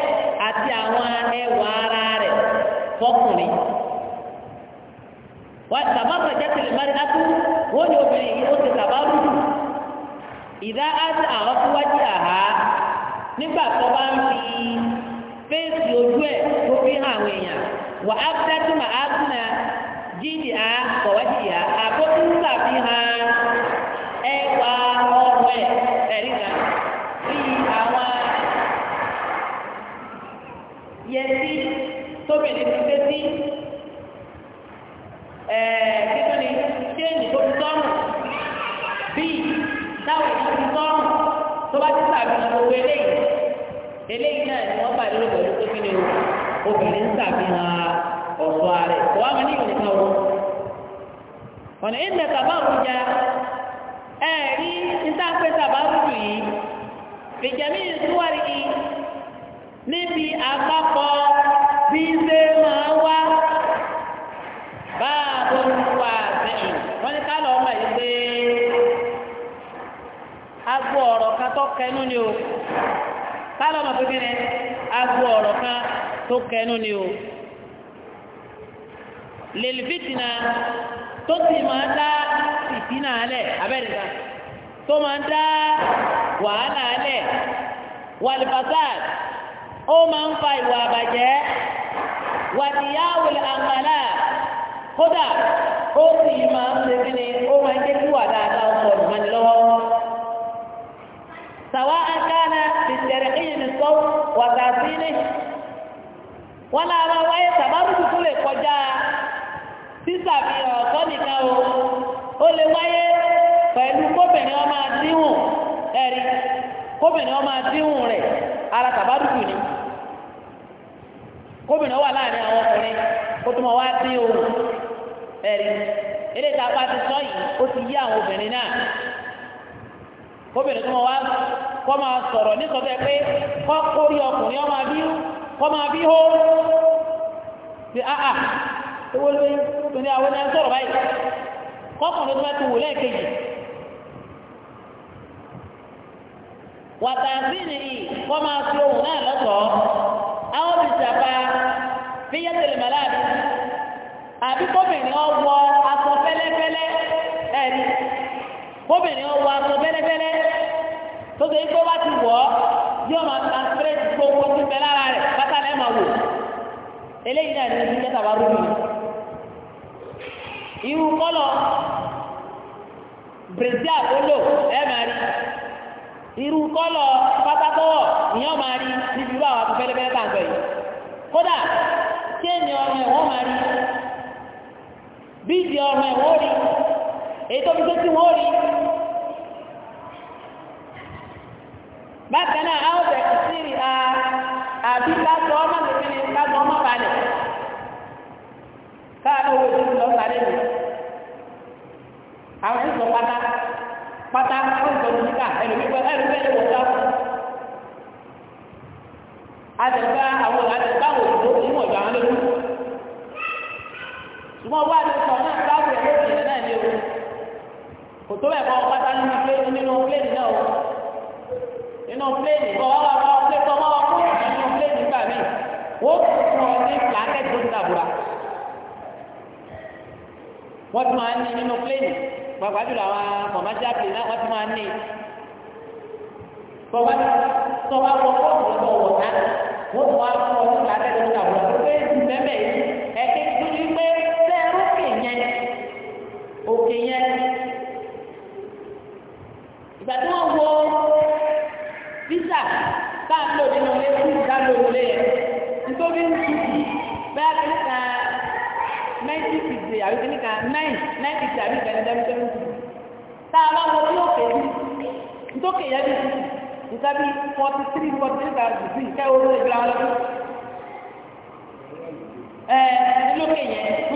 àti àwọn ẹwà ara rẹ̀ fọkùnrin tàbátà wọ́n obìnrin yìí ó ti ìdá àwọn àhá nígbà tó bá ń fèsì ojú ẹ̀ kó fi hàn àwọn èèyàn wà á fẹ́ mà á tún náà jíìdì á kọ̀wádìí á àbótú sàfihàn ẹwà ọ̀rọ̀ ẹ̀ ẹ̀rí kan bí àwọn yẹtí tóbi ní fífẹ́ sí kíkọ́ ni ṣéènì tó fi sọ́rùn bíi táwọn èèyàn fi eléyìí náà ni wọ́n bá lérò pẹ̀lú pé kí ni o obìnrin ń ṣàfihàn ọ̀ṣọ́ rẹ̀ kò wá wọn ní ìwé nìkan o ọ̀nà ìdílé yìí fìjẹ́mí ìtúwárí yìí níbi àpapọ̀ bí ṣe máa wá báàbò wà sẹ́yìn ká yìí pé agbó ọ̀rọ̀ kẹnu ni kálọ̀ mọ̀ pé kíni agbo ọ̀rọ̀ kan tó kẹnu ni o lèlìfìtìnà tó sì máa dá ìdínà alẹ̀ abẹ́rẹ́ kan tó máa dá wàhálà alẹ̀ wàlìfàsáàd ó máa ń fa ìwà àbàjẹ́ wàdìyáwò àmàlà kódà ó sì máa ń ṣe kíni ó máa ń jẹ́ kí wà dáadáa ọkọ̀ ọ̀dùnmọ́ni lọ́wọ́. سواء كان في الترقي بالصوت وتعطيله ولا ما يتبرج كل قجا sísàfihàn ọ̀sọ́ nìkan o ó lè wáyé pẹ̀lú kóbìnrin ọmọ àdíhùn ẹ̀rí kóbìnrin ọmọ àdíhùn rẹ̀ ara tàbádùkù ni kóbìnrin wà láàrin àwọn ọkùnrin kó tó mọ wá dín òun ẹ̀rí eléyìí tá a bá ti sọ yìí ó ti yí àwọn obìnrin náà kóbìnrin tó mọ wá kọ́ máa sọ̀rọ̀ nítorí pé kọ́ kórí ọkùnrin ọmọ àbí kọ́ máa bí hó ṣe áhà owó lóyún obìnrin àwọn ẹni sọ̀rọ̀ báyìí kọ́kùnrin tó bá ti wò lẹ́ẹ̀kejì wàtàǹtì nìyí kọ́ máa fi ohun náà lọ́tọ̀ọ́ àwọn ti ṣàpá fíyẹ́tẹ̀lẹ̀ màláàbí àbí kóbìnrin ọwọ́ aṣọ fẹ́lẹ́fẹ́lẹ́ ẹ̀rí kóbìnrin ọwọ́ aṣọ bẹ́lẹ́bẹ́lẹ́ tó ṣe kó bá ti wọ̀ ọ́ yóò máa transparent gbogbo tó bẹ lára rẹ̀ bàtà lẹ́ máa wò eléyìí náà ní ibi jẹ́ tàbá rúbi irú kọ́lọ̀ brazil tó lò ẹ máa rí irú kọ́lọ̀ pátákọ́wọ̀ ìyẹn máa rí níbi irú àwọn aṣọ bẹ́lẹ́bẹ́lẹ́ tàǹgbọ̀ yìí kódà tí ènìyàn ọmọ ẹ̀wọ̀n máa rí bíìdì ọmọ ẹ̀wọ̀n rí èyí tó fi tí wọ́n rí bákan a ó bẹ̀rẹ̀ sí rí àbí lásán ọmọ nìkan ní lásán ọmọ balẹ̀ káàdó owó ìdílé lọ sáré mi àwọn ìsọ pátá pátá ó ń tọ́jú níkà ẹlòmíkọ ẹlòmíkọ ẹlòmíkọ ọ̀gá àtẹ̀gbá àwọn àtẹ̀gbá àwọn òṣìṣẹ́ onímọ̀ ọ̀dọ̀ àwọn lójú ṣùgbọ́n wọ́n á lè sọ náà sáwọn ẹ̀rọ náà ní ewu. kò tó bẹ́ẹ̀ kọ́ pátá nínú pléènì nínú pléènì náà o nínú pléènì kọ́ wá wá wá pléènì kọ́ wá wá kó nínú pléènì gbà mí wọ́n kò fún ọ ní plánẹ́tì tó ń dàbúrà wọ́n ti máa ń ní nínú pléènì pàpà jùlọ àwọn kọ̀májà pléènì náà wọ́n ti máa ń ní tọ́wá tọ́wá wọ kóòtù lọ́wọ́ wọ̀ ná wọ́n tún wá fún ọ ní plánẹ́tì tó ń dàbúrà tó pé ìdí òkè ìgbà tí wọ́n wo visa bá a lò nínú ilé fún ìdálò ilé yẹn nítorí nítorí bẹ́ẹ̀ kí níka ninety fifty àbí kí níka nine nine fifty àbí ìgbà níta bí seven fifty tá a bá wo bí òkè yìí nítòkè yẹn bí nǹkan bí forty three forty three thousand three kẹ́ owó ìgbà wọn lọ́dún ẹ̀ ẹ́ nílòkè yẹn.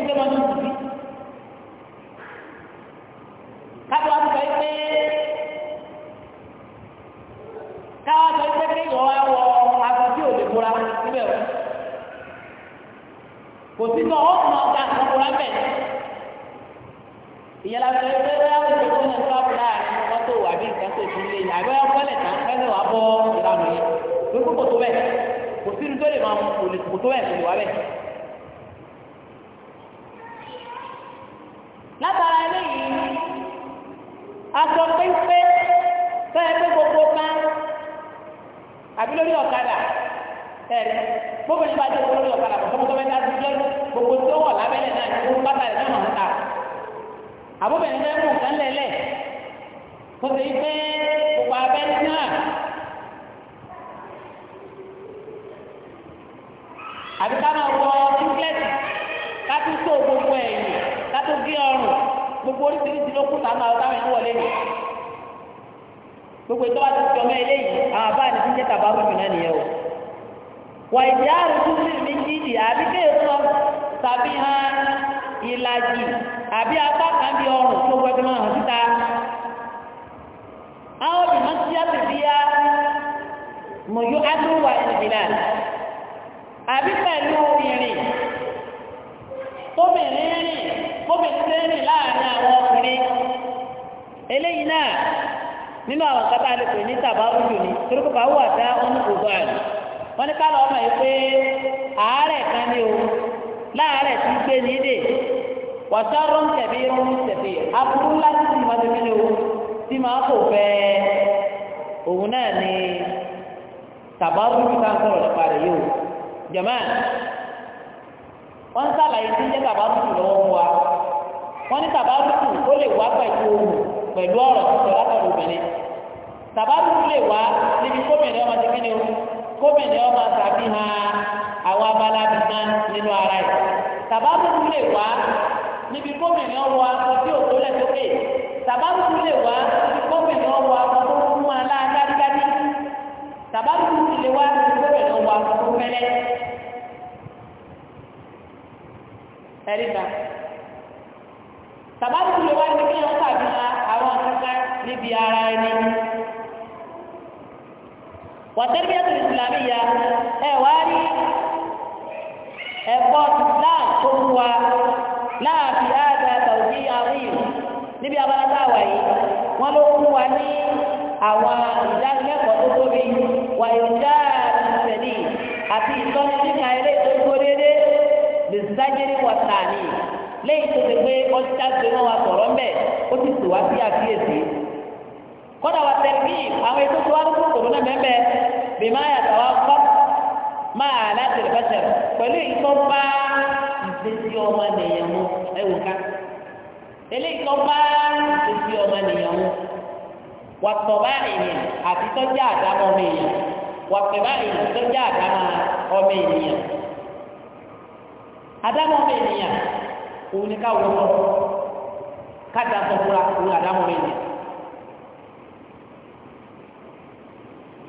sí náà ó mọ ọ̀gá àtọkùnrin abẹ ìyẹn la fẹ́ fẹ́ fẹ́ àwọn ìṣòro náà tó àpò láàrin wọn tó wà bí nǹkan tó ti lé yìí àbẹ́ ọkọlẹ̀ tán fẹ́lẹ̀ wà bọ́ ìlànà yẹn gbogbo kò tó bẹ́ẹ̀ kò sí ní tó lè máa mú kò tó bẹ́ẹ̀ kò lè wà bẹ́ẹ̀. kóbìnrin ọmọ ṣàfihàn àwọn abala bìkan nínú ara ẹ̀ tàbátùkù lè wá níbi kóbìnrin ọwọ́ tí òkú lẹ̀ lè wá níbi kóbìnrin ọwọ́ aṣọ tó fún wa láàdá dídádí tàbátùkù sì lè wá níbi kóbìnrin ọwọ́ tó lè wá níbi níbi wàtẹ́lẹ́mìyàtò ìsìlámìyà ẹ wá rí ẹ̀kọ́ islam tó mú wa láàfin ààbẹ̀ àtàwùjí àwìn níbi abáráta wà yìí wọ́n ló mú wa ní àwọn ìdánilẹ́kọ̀ọ́ tó tóbi wà ìdá ìṣẹ̀lì àti ìtọ́ni nípa eré tó gbórédé lè sájẹ́rì wọ̀tà ni lẹ́yìn tó ti gbé ọjà gbé wọn wa sọ̀rọ̀ mbẹ́ ó ti tò wá sí àkíyèsí kọ́dà wà tẹ̀lé àwọn ètò tó wà ní kòkòrò náà mẹ́mẹ́ bí máa yàtọ̀ wá kọ́ máa láti rẹ̀ fẹ́sẹ̀ pẹ̀lú ìtọ́ bá ìfésí ọmọ nìyẹn mú ẹwù ká pẹ̀lú ìtọ́ bá ìfésí ọmọ nìyẹn mú wà tọ̀ bá ènìyàn àti tọ́jà àdámọ́ ọmọ ènìyàn wà pẹ̀ bá ènìyàn tọ́jà àdámọ́ ọmọ ènìyàn àdámọ́ ọmọ ènìyàn òun ni ká wọ́n lọ ká dàtọ̀ fúra òun àdámọ́ ọmọ ènìyàn.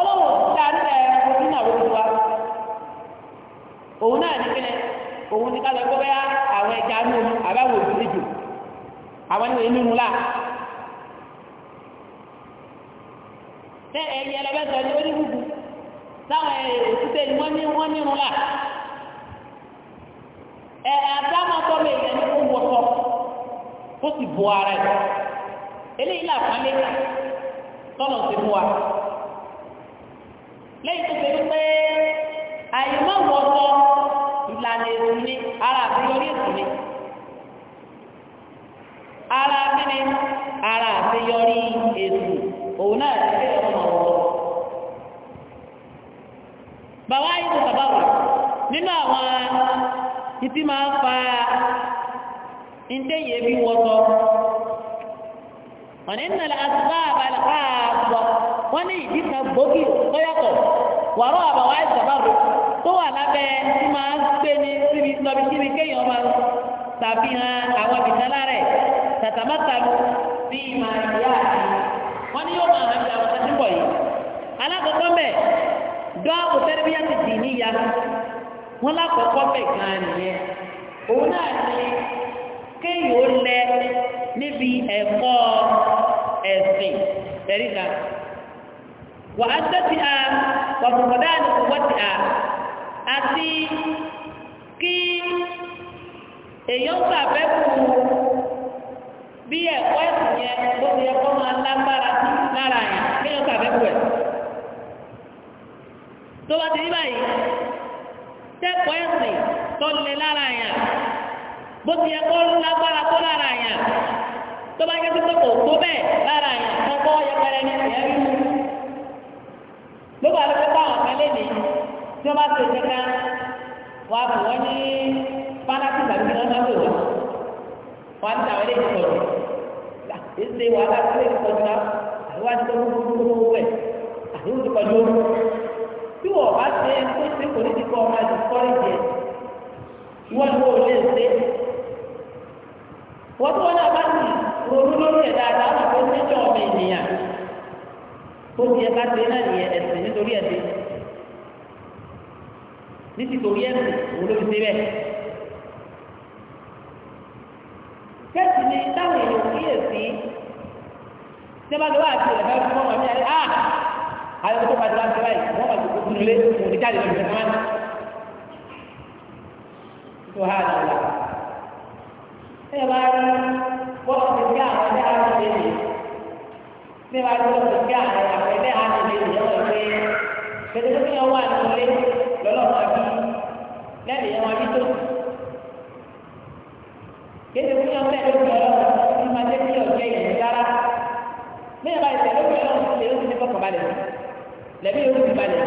ọlọ́wọ́ tí a nílẹ̀ ẹranko tí náà wọ́n wá òun náà ní kílẹ̀ òun ti kálọ̀ gbọ́ bẹ́yà àwọn ẹja ní omi àbáwò ìdíjò àwọn ènìyàn nínú là tẹ ẹyẹ ní onígbùgbù táwọn èkúté ni wọ́n ní wọ́n nínú là ẹ ọkọ mi ìyẹn ní ara eléyìí là tọ́lọ̀ lẹ́yìn tó ṣe wípé àyèmọ̀wọ́sọ ìlànà ètò ni ara àbíyọrí ètò ni ara kíni ara àbíyọrí ètò òun náà ti ṣe ọmọ ọ̀rọ̀. bàbá wà nínú àwọn ìtì máa ń fa ìdẹ́yẹ bí wọn ní nàlẹ àtúbà àbálẹ káàbọ wọn ní ìdí kan gbòógì tó yàtọ̀ wàrọ àbàwọ àìsàbàbò tó wà lábẹ́ tí máa ń gbé ní síbi lọbi síbi kéèyàn máa tàbí hàn àwọn ìdílá rẹ tàtàmátàlú bí ìmọ̀ ìyá àti wọn ní yóò máa hàn bí àwọn tẹ́tí bọ̀ yìí alákọ̀ọ́kọ́ mẹ́ dọ́ òtẹ́rẹ́bíyà ti dì níyà wọn lákọ̀ọ́kọ́ mẹ́ gan-an nìyẹn òun náà ní kéèyàn ó lẹ níbi ẹ̀kọ́ ẹ̀sìn tẹ̀ríkà wà á tẹ́tí a wà bùkọ̀dá àdìkù wọ́tí a àti kí èèyàn sàbẹ̀kù bí ẹ̀kọ́ ẹ̀sìn yẹn bó ti yẹ kó máa lágbára sí lára yẹn kí èèyàn sàbẹ̀kù ẹ̀ tó bá ti rí báyìí tẹ́kọ̀ọ́ ẹ̀sìn tó lè lára yẹn bó ti yẹ kọ́ lágbára tó lára àyàn tó bá yẹ títí kò tó bẹ́ẹ̀ lára àyàn kọ́kọ́ yẹpẹrẹ ní ìyá mímu gbogbo àlùkò táwọn kan lé ní tí wọ́n bá ti ṣe ká wà á bù wọ́n ní fanatic àti ọ̀nàbò wọn wà á ti àwọn eléyìí pọ̀ jù èsè wà á ti eléyìí pọ̀ jù náà àríwá ti tó gbogbo ẹ̀ àríwá ti pọ̀ jù tí wọ́n bá ṣe é tó ṣe kò ní ti kọ́ ọmọ wọ́n tó wọn náà bá ti ronú lórí ẹ̀ dáadáa wọn kò ní jọ ọmọ ènìyàn ó ti ẹ bá ti náà ní ẹsẹ̀ nítorí ẹsẹ̀ nítorí ẹsẹ̀ òun ló fi ṣe bẹ́ẹ̀. kẹ́sì ni táwọn èèyàn kíyèsí tí wọ́n bá àti ẹ̀fẹ́ fún ọmọ mi àti ah àwọn ọmọ tó bá ti láti báyìí wọ́n bá ti kó kúrú lé òun ní jáde lọ́dún ẹ̀fọ́ tí ẹ bá rí bọ́ọ̀sì tí àwọn ẹgbẹ́ àwọn ẹgbẹ́ yìí tí ẹ bá rí bọ́ọ̀sì tí àwọn ẹgbẹ́ àwọn ẹgbẹ́ yìí lọ́wọ́ pé pẹ̀lú kí wọ́n wà nílé lọ́lọ́mọ bí lẹ́nu yẹn wọ́n bí tó. kéde kí wọ́n tẹ̀lé òkè ọlọ́run ní máa jẹ́ ti balẹ̀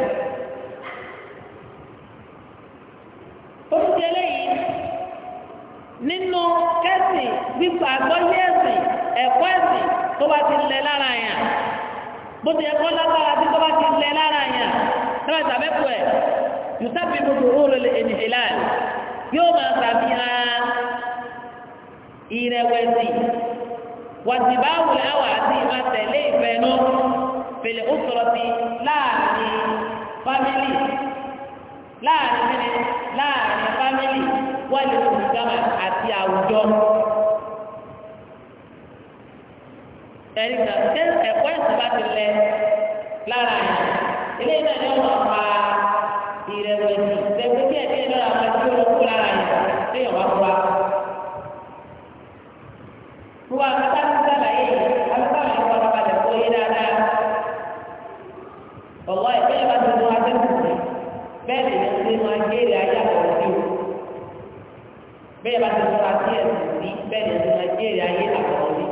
ẹ̀sìn gbígbà àgbọ́yé ẹ̀sìn ẹ̀kọ́ ẹ̀sìn tó bá ti lẹ̀ lára yàn bó ti ẹ̀kọ́ lágbára tí tó bá ti lẹ̀ lára yàn tẹ́lẹ̀ tàbẹ́kù ẹ̀ yùtàbí gbogbo òru lè ẹni ìlànà yóò máa ṣàfihàn ìrẹ̀wẹ̀sì wàtìbá wùlẹ̀ àwà àti ìmọ̀tẹ̀lé ìfẹ́ náà fèlè ó sọ̀rọ̀ sí láàrin fámìlì láàrin mẹ́rin láàrin fámìlì wọ́n lè fún gama àti àwùjọ. ẹ̀rí kan ṣé ẹ̀kọ́ ẹ̀sìn bá ti lẹ lára yẹn eléyìí náà ni wọ́n máa fa ìrẹ̀wẹ̀sì lẹ́gbẹ́ díẹ̀ díẹ̀ lọ́la máa ti lọ́wọ́ kó lára yẹn léèyàn wá fún wa. fún wa kátà ti sàlàyé yìí alùpàá yìí wọ́n balẹ̀ kó yé dáadáa. ọ̀wọ́ ìgbéyàwó ti mú wa tẹ́kùn sí bẹ́ẹ̀ ni wọ́n ti máa jèrè ayáwọ̀ ọdún bẹ́ẹ̀ bá ti sọ́ra sí ẹ̀sìn sí bẹ́ẹ̀ ni wọ́n máa jèrè ayé àwọ̀ ọdún.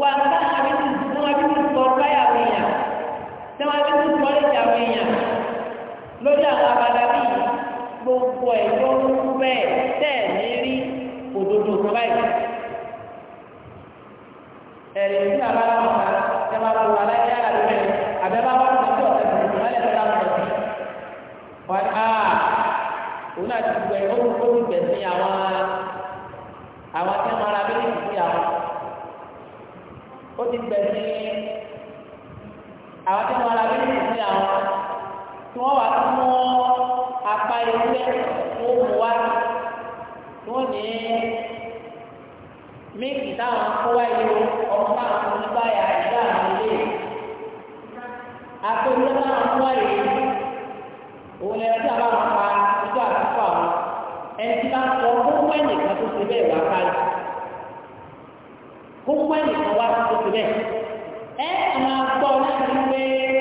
wà á sáà àbí tí wọ́n bí ti sọ báyà àwọn èèyàn tí wọ́n bí ti sọ lẹ́jà àwọn èèyàn lórí àwọn abala bíi gbogbo ẹ̀jọ́ bẹ́ẹ̀ tẹ̀ ní rí òdodo kan báyìí. ẹ̀rìn tí a bá wà nígbà tí gbẹ olùkóòlù bẹ̀sí àwọn àwọn tí wọn ra bílíkì sí àwọn ó ti bẹ̀sí àwọn tí wọn ra bílíkì sí àwọn tí wọn wà fún apá ewúrẹ́ tó mú wá tí wọn ní mílíkì táwọn kó wá yìí ọmọ táwọn kó ní ìdá àwọn ilé àpò ìdá táwọn kó wá yìí òun lè rí sábà wọn àfa àwọn ẹni tí bá sọ kó mú ẹnìkan tó ṣe bẹ́ẹ̀ wá káyì kó ẹnìkan wá tó ṣe bẹ́ẹ̀ ẹ máa gbọ́ láti wéé.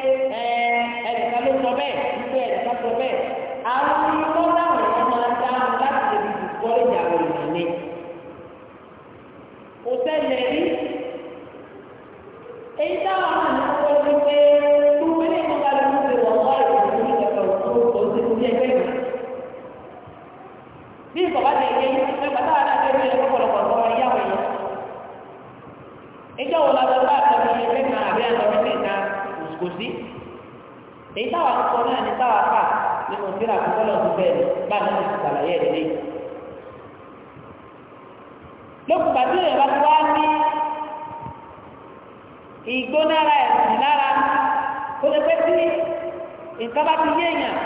nǹkan bá ti yéèyàn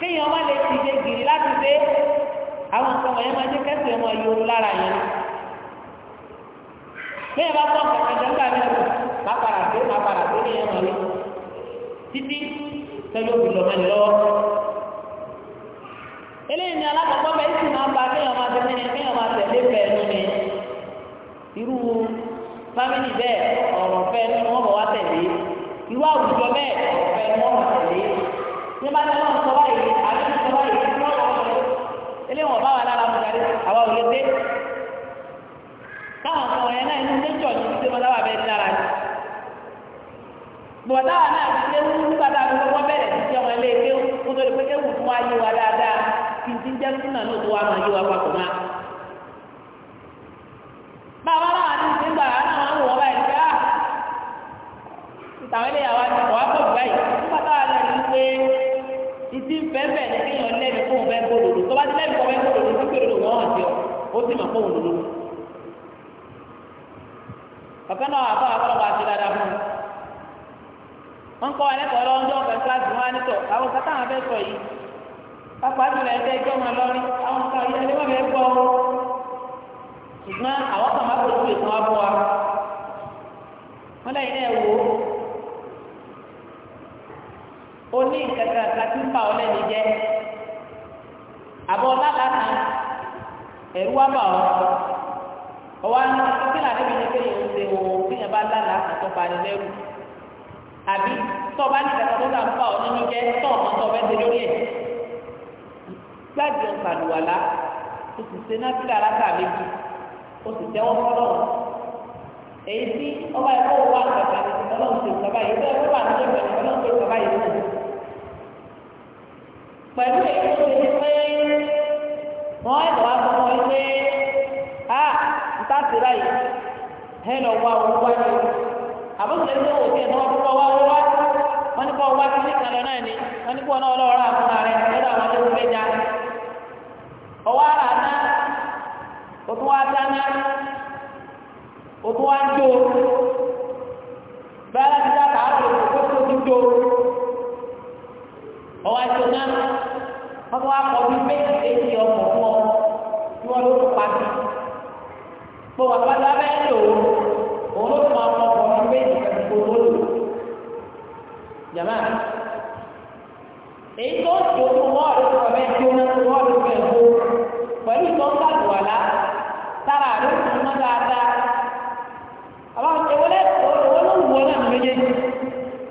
kéèyàn má lè ti ṣe gìrì láti ṣe àwọn nǹkan wọ̀nyẹn máa jẹ́ kẹ́sì ọmọ yòrò lára yẹn kéèyàn bá tọ́ nǹkan kan jẹ́ nígbà mí má para dé má para dé ní ẹ̀rọ rẹ títí tẹ́lẹ̀ òbí lọ́mọ ní lọ́wọ́ eléyìí ni alákọ̀ọ́kọ́ bẹ́ẹ̀ sì máa ń ba kéèyàn máa tẹ̀lé kéèyàn máa tẹ̀lé bẹ́ẹ̀ nínú irú fámìlì bẹ́ẹ̀ bọ̀dá wa náà ti kéwù nígbà tá a fi kọ́kọ́ bẹ̀rẹ̀ sí ọmọ ilé kéwù kó tó lè pé kéwù fún wa yé wa dáadáa kí jẹ́ sínú àná tó wa máa yé wa papọ̀ máa.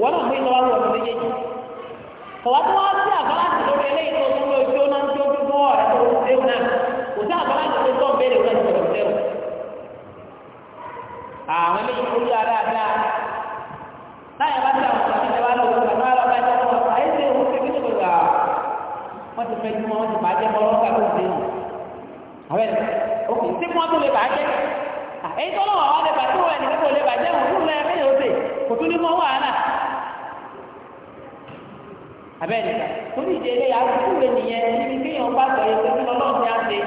wọ́n náà mú iná wá lọ́wọ́ méjèèjì kọ̀wá tó wá sí àbáláṣí lórí eléyìí tó tó lórí tó náà tó tó bọ́ ọ̀rẹ́ tó tó léwu náà kò sí àbáláṣí tó tó béèrè wọn ti sọ̀rọ̀ sẹ́wọ̀. àwọn eléyìí kò lóra dáadáa láyé bá ti ọ̀sán ti wá lọ́wọ́ ìgbà náà lọ́wọ́ ìgbà náà lọ́wọ́ ayé ṣe òun ṣe kí wọ́n ti fẹ́ kí wọ́n ti bàjẹ́ bọ́ lọ́wọ́ kàkó ṣe hàn. àwọn òkè tí wọ́n tún lè bàjẹ́ èyí tó lọ́wọ́ àwọn ọ̀dẹ̀ bàtí wọ́n ẹ̀ nìkan lè bàjẹ́ òun fún lẹ́yìn mẹ́rin ó abẹ́rẹ́ ta torí ìdè ilé yà á kú wẹ̀ nìyẹn níbi kéèyàn bá sọ yẹn pé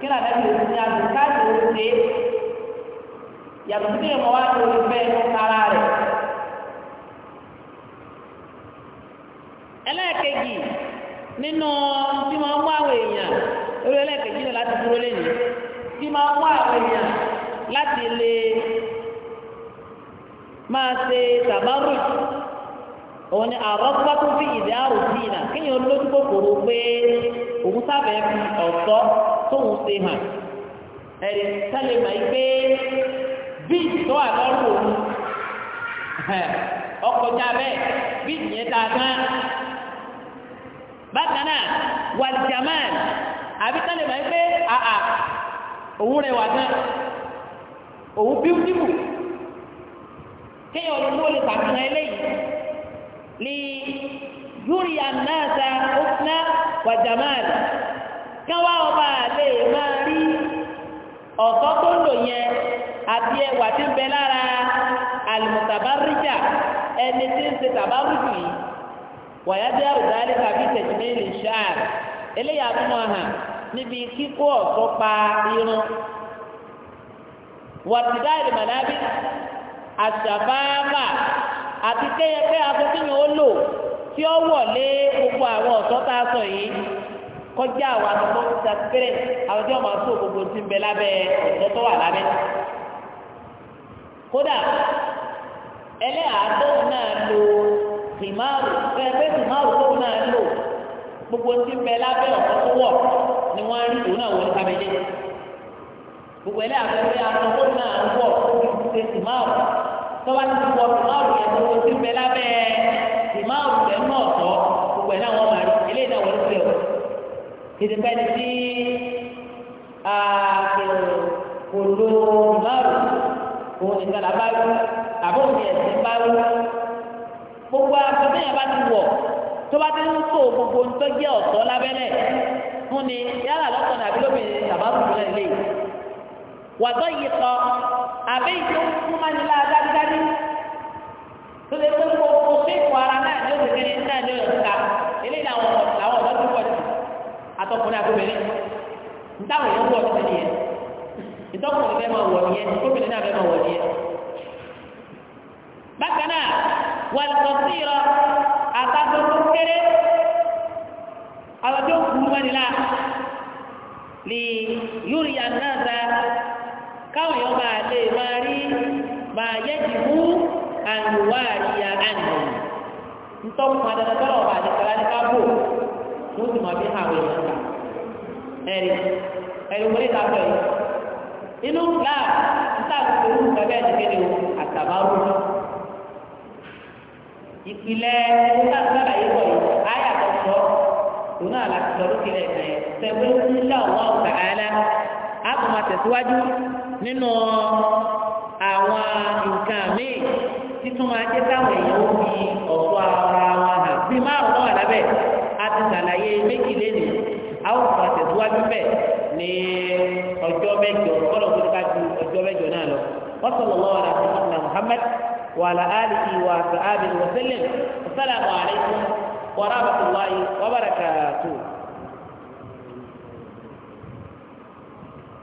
kí lọ́lọ́run ní àṣẹ kí ní àdájọ́ òun ní àṣẹ káàdì òun ṣe é yàtọ̀ sí kéèyàn wá ní orí fẹ́ ara rẹ̀. ẹlẹ́ẹ̀kejì nínú tí wọ́n mú àwọn èèyàn orí ẹlẹ́ẹ̀kejì náà láti dúró lẹ́yìn tí wọ́n mú àwọn èèyàn láti lè máa ṣe tàbárò òun ni àrọ́pá fi ìdí àròsí náà kéèyàn lójú pé òun sábẹ̀ fi ọ̀tọ́ tóun ṣe hàn ẹ̀rí tẹ́lẹ̀ mọ̀ yìí pé bíìtì tó wà lọ́rùn òun ọkọjá bẹ́ẹ̀ bíìtì yẹn ta gan bákan náà wàlìjàmáà àbí tẹ́lẹ̀ mọ̀ yìí pé àà òun rẹ̀ wà gan òun bíútífù pàtàkì eléyìí. lìjúrì ànáàsà òfúnà wàjàmáàlì káwá ọba àlè máa rí ọ̀kọ́ tó lò yẹn àti ẹwà tí ń bẹ lára àlùmùtàbárìjà ẹni tí ń ṣe tàbárùjù yìí wàyájẹ́ àrùdálẹ́ tàbí tẹ̀símẹ́lì ṣáà eléyà tó máa hàn níbi kíkó ọ̀tọ́ pa irun wàtídá ìrìnmọ̀lábí àṣàfáàfà àti kẹ́yẹkẹ́ aṣọ olo o tí ó wọ lé gbogbo àwọn ọ̀ṣọ́ tá a sọ yìí kọjá àwọn àtọ́kọ́ sàtìpẹ́rẹ́ àwọn tí wọ́n máa gbogbo ti ń bẹ lábẹ́ tó wà lábẹ́. kódà lo tìmáàrù ẹgbẹ́ tìmáàrù tó náà gbogbo ń bẹ lábẹ́ tó wọ̀ ni wọ́n rí òun náà tọ́ba ti wọ ìmáàrún yẹn tó ti bẹ lábẹ́ ìmáàrún rẹ̀ náà tọ́ gbogbo ẹ̀ náà wọ́n máa rí eléyìí náà wọ́n ti rẹ̀ o tètè pẹ́ ni tí kò lo ìmáàrún òun nìkan là bá rú àbọ̀ òun yẹn ti bá rú gbogbo aṣọ bẹ́ẹ̀ bá ti wọ̀ tọ́ba ti ń tó gbogbo ń tọ́jú ọ̀tọ́ lábẹ́lẹ̀ fún ni yálà lọ́kàn àbí tàbá tuntun náà lè wàtọ́ yìí kọ́ àbí ìjọ fún mánilá dájúdájú tó lè pé kó kó séèkù ara náà ní oṣù náà ní oṣù eléyìí àwọn tó jù àtọkùnrin àtọkùnrin wọ̀ máa wọ̀ náà máa wọ̀ bákan náà sí irọ́ kéré àwọn tó kú lè náà káwọn èèyàn máa lè máa rí máa yẹ ti mú àlùwá àríyá àná ntọ́kù ọba ní máa fi hàn ẹ̀rí ẹ̀rí wọlé ta inú níta kẹfẹ́ o àtàbárò ìpìlẹ̀ níta ìṣòro yìí wọ̀ yìí ayà tó òun náà láti sọ lókè rẹ̀ sẹ́wọ́n ní ọ̀gá á nínú àwọn nǹkan míì títún máa jẹ́ táwọn èèyàn ó fi ọ̀pọ̀ ara wọn hàn bí márùn náà lábẹ́ a ti ṣàlàyé méjì lénìí a ó fà tẹ̀síwájú bẹ́ẹ̀ ní ọjọ́ mẹ́jọ kọ́lọ̀ tó ká ju ọjọ́ mẹ́jọ náà lọ wọ́n sọ̀rọ̀ lọ́wọ́ rẹ̀ fún ọ̀nà Muhammad وعلى آله وصحبه وسلم السلام عليكم ورحمة الله وبركاته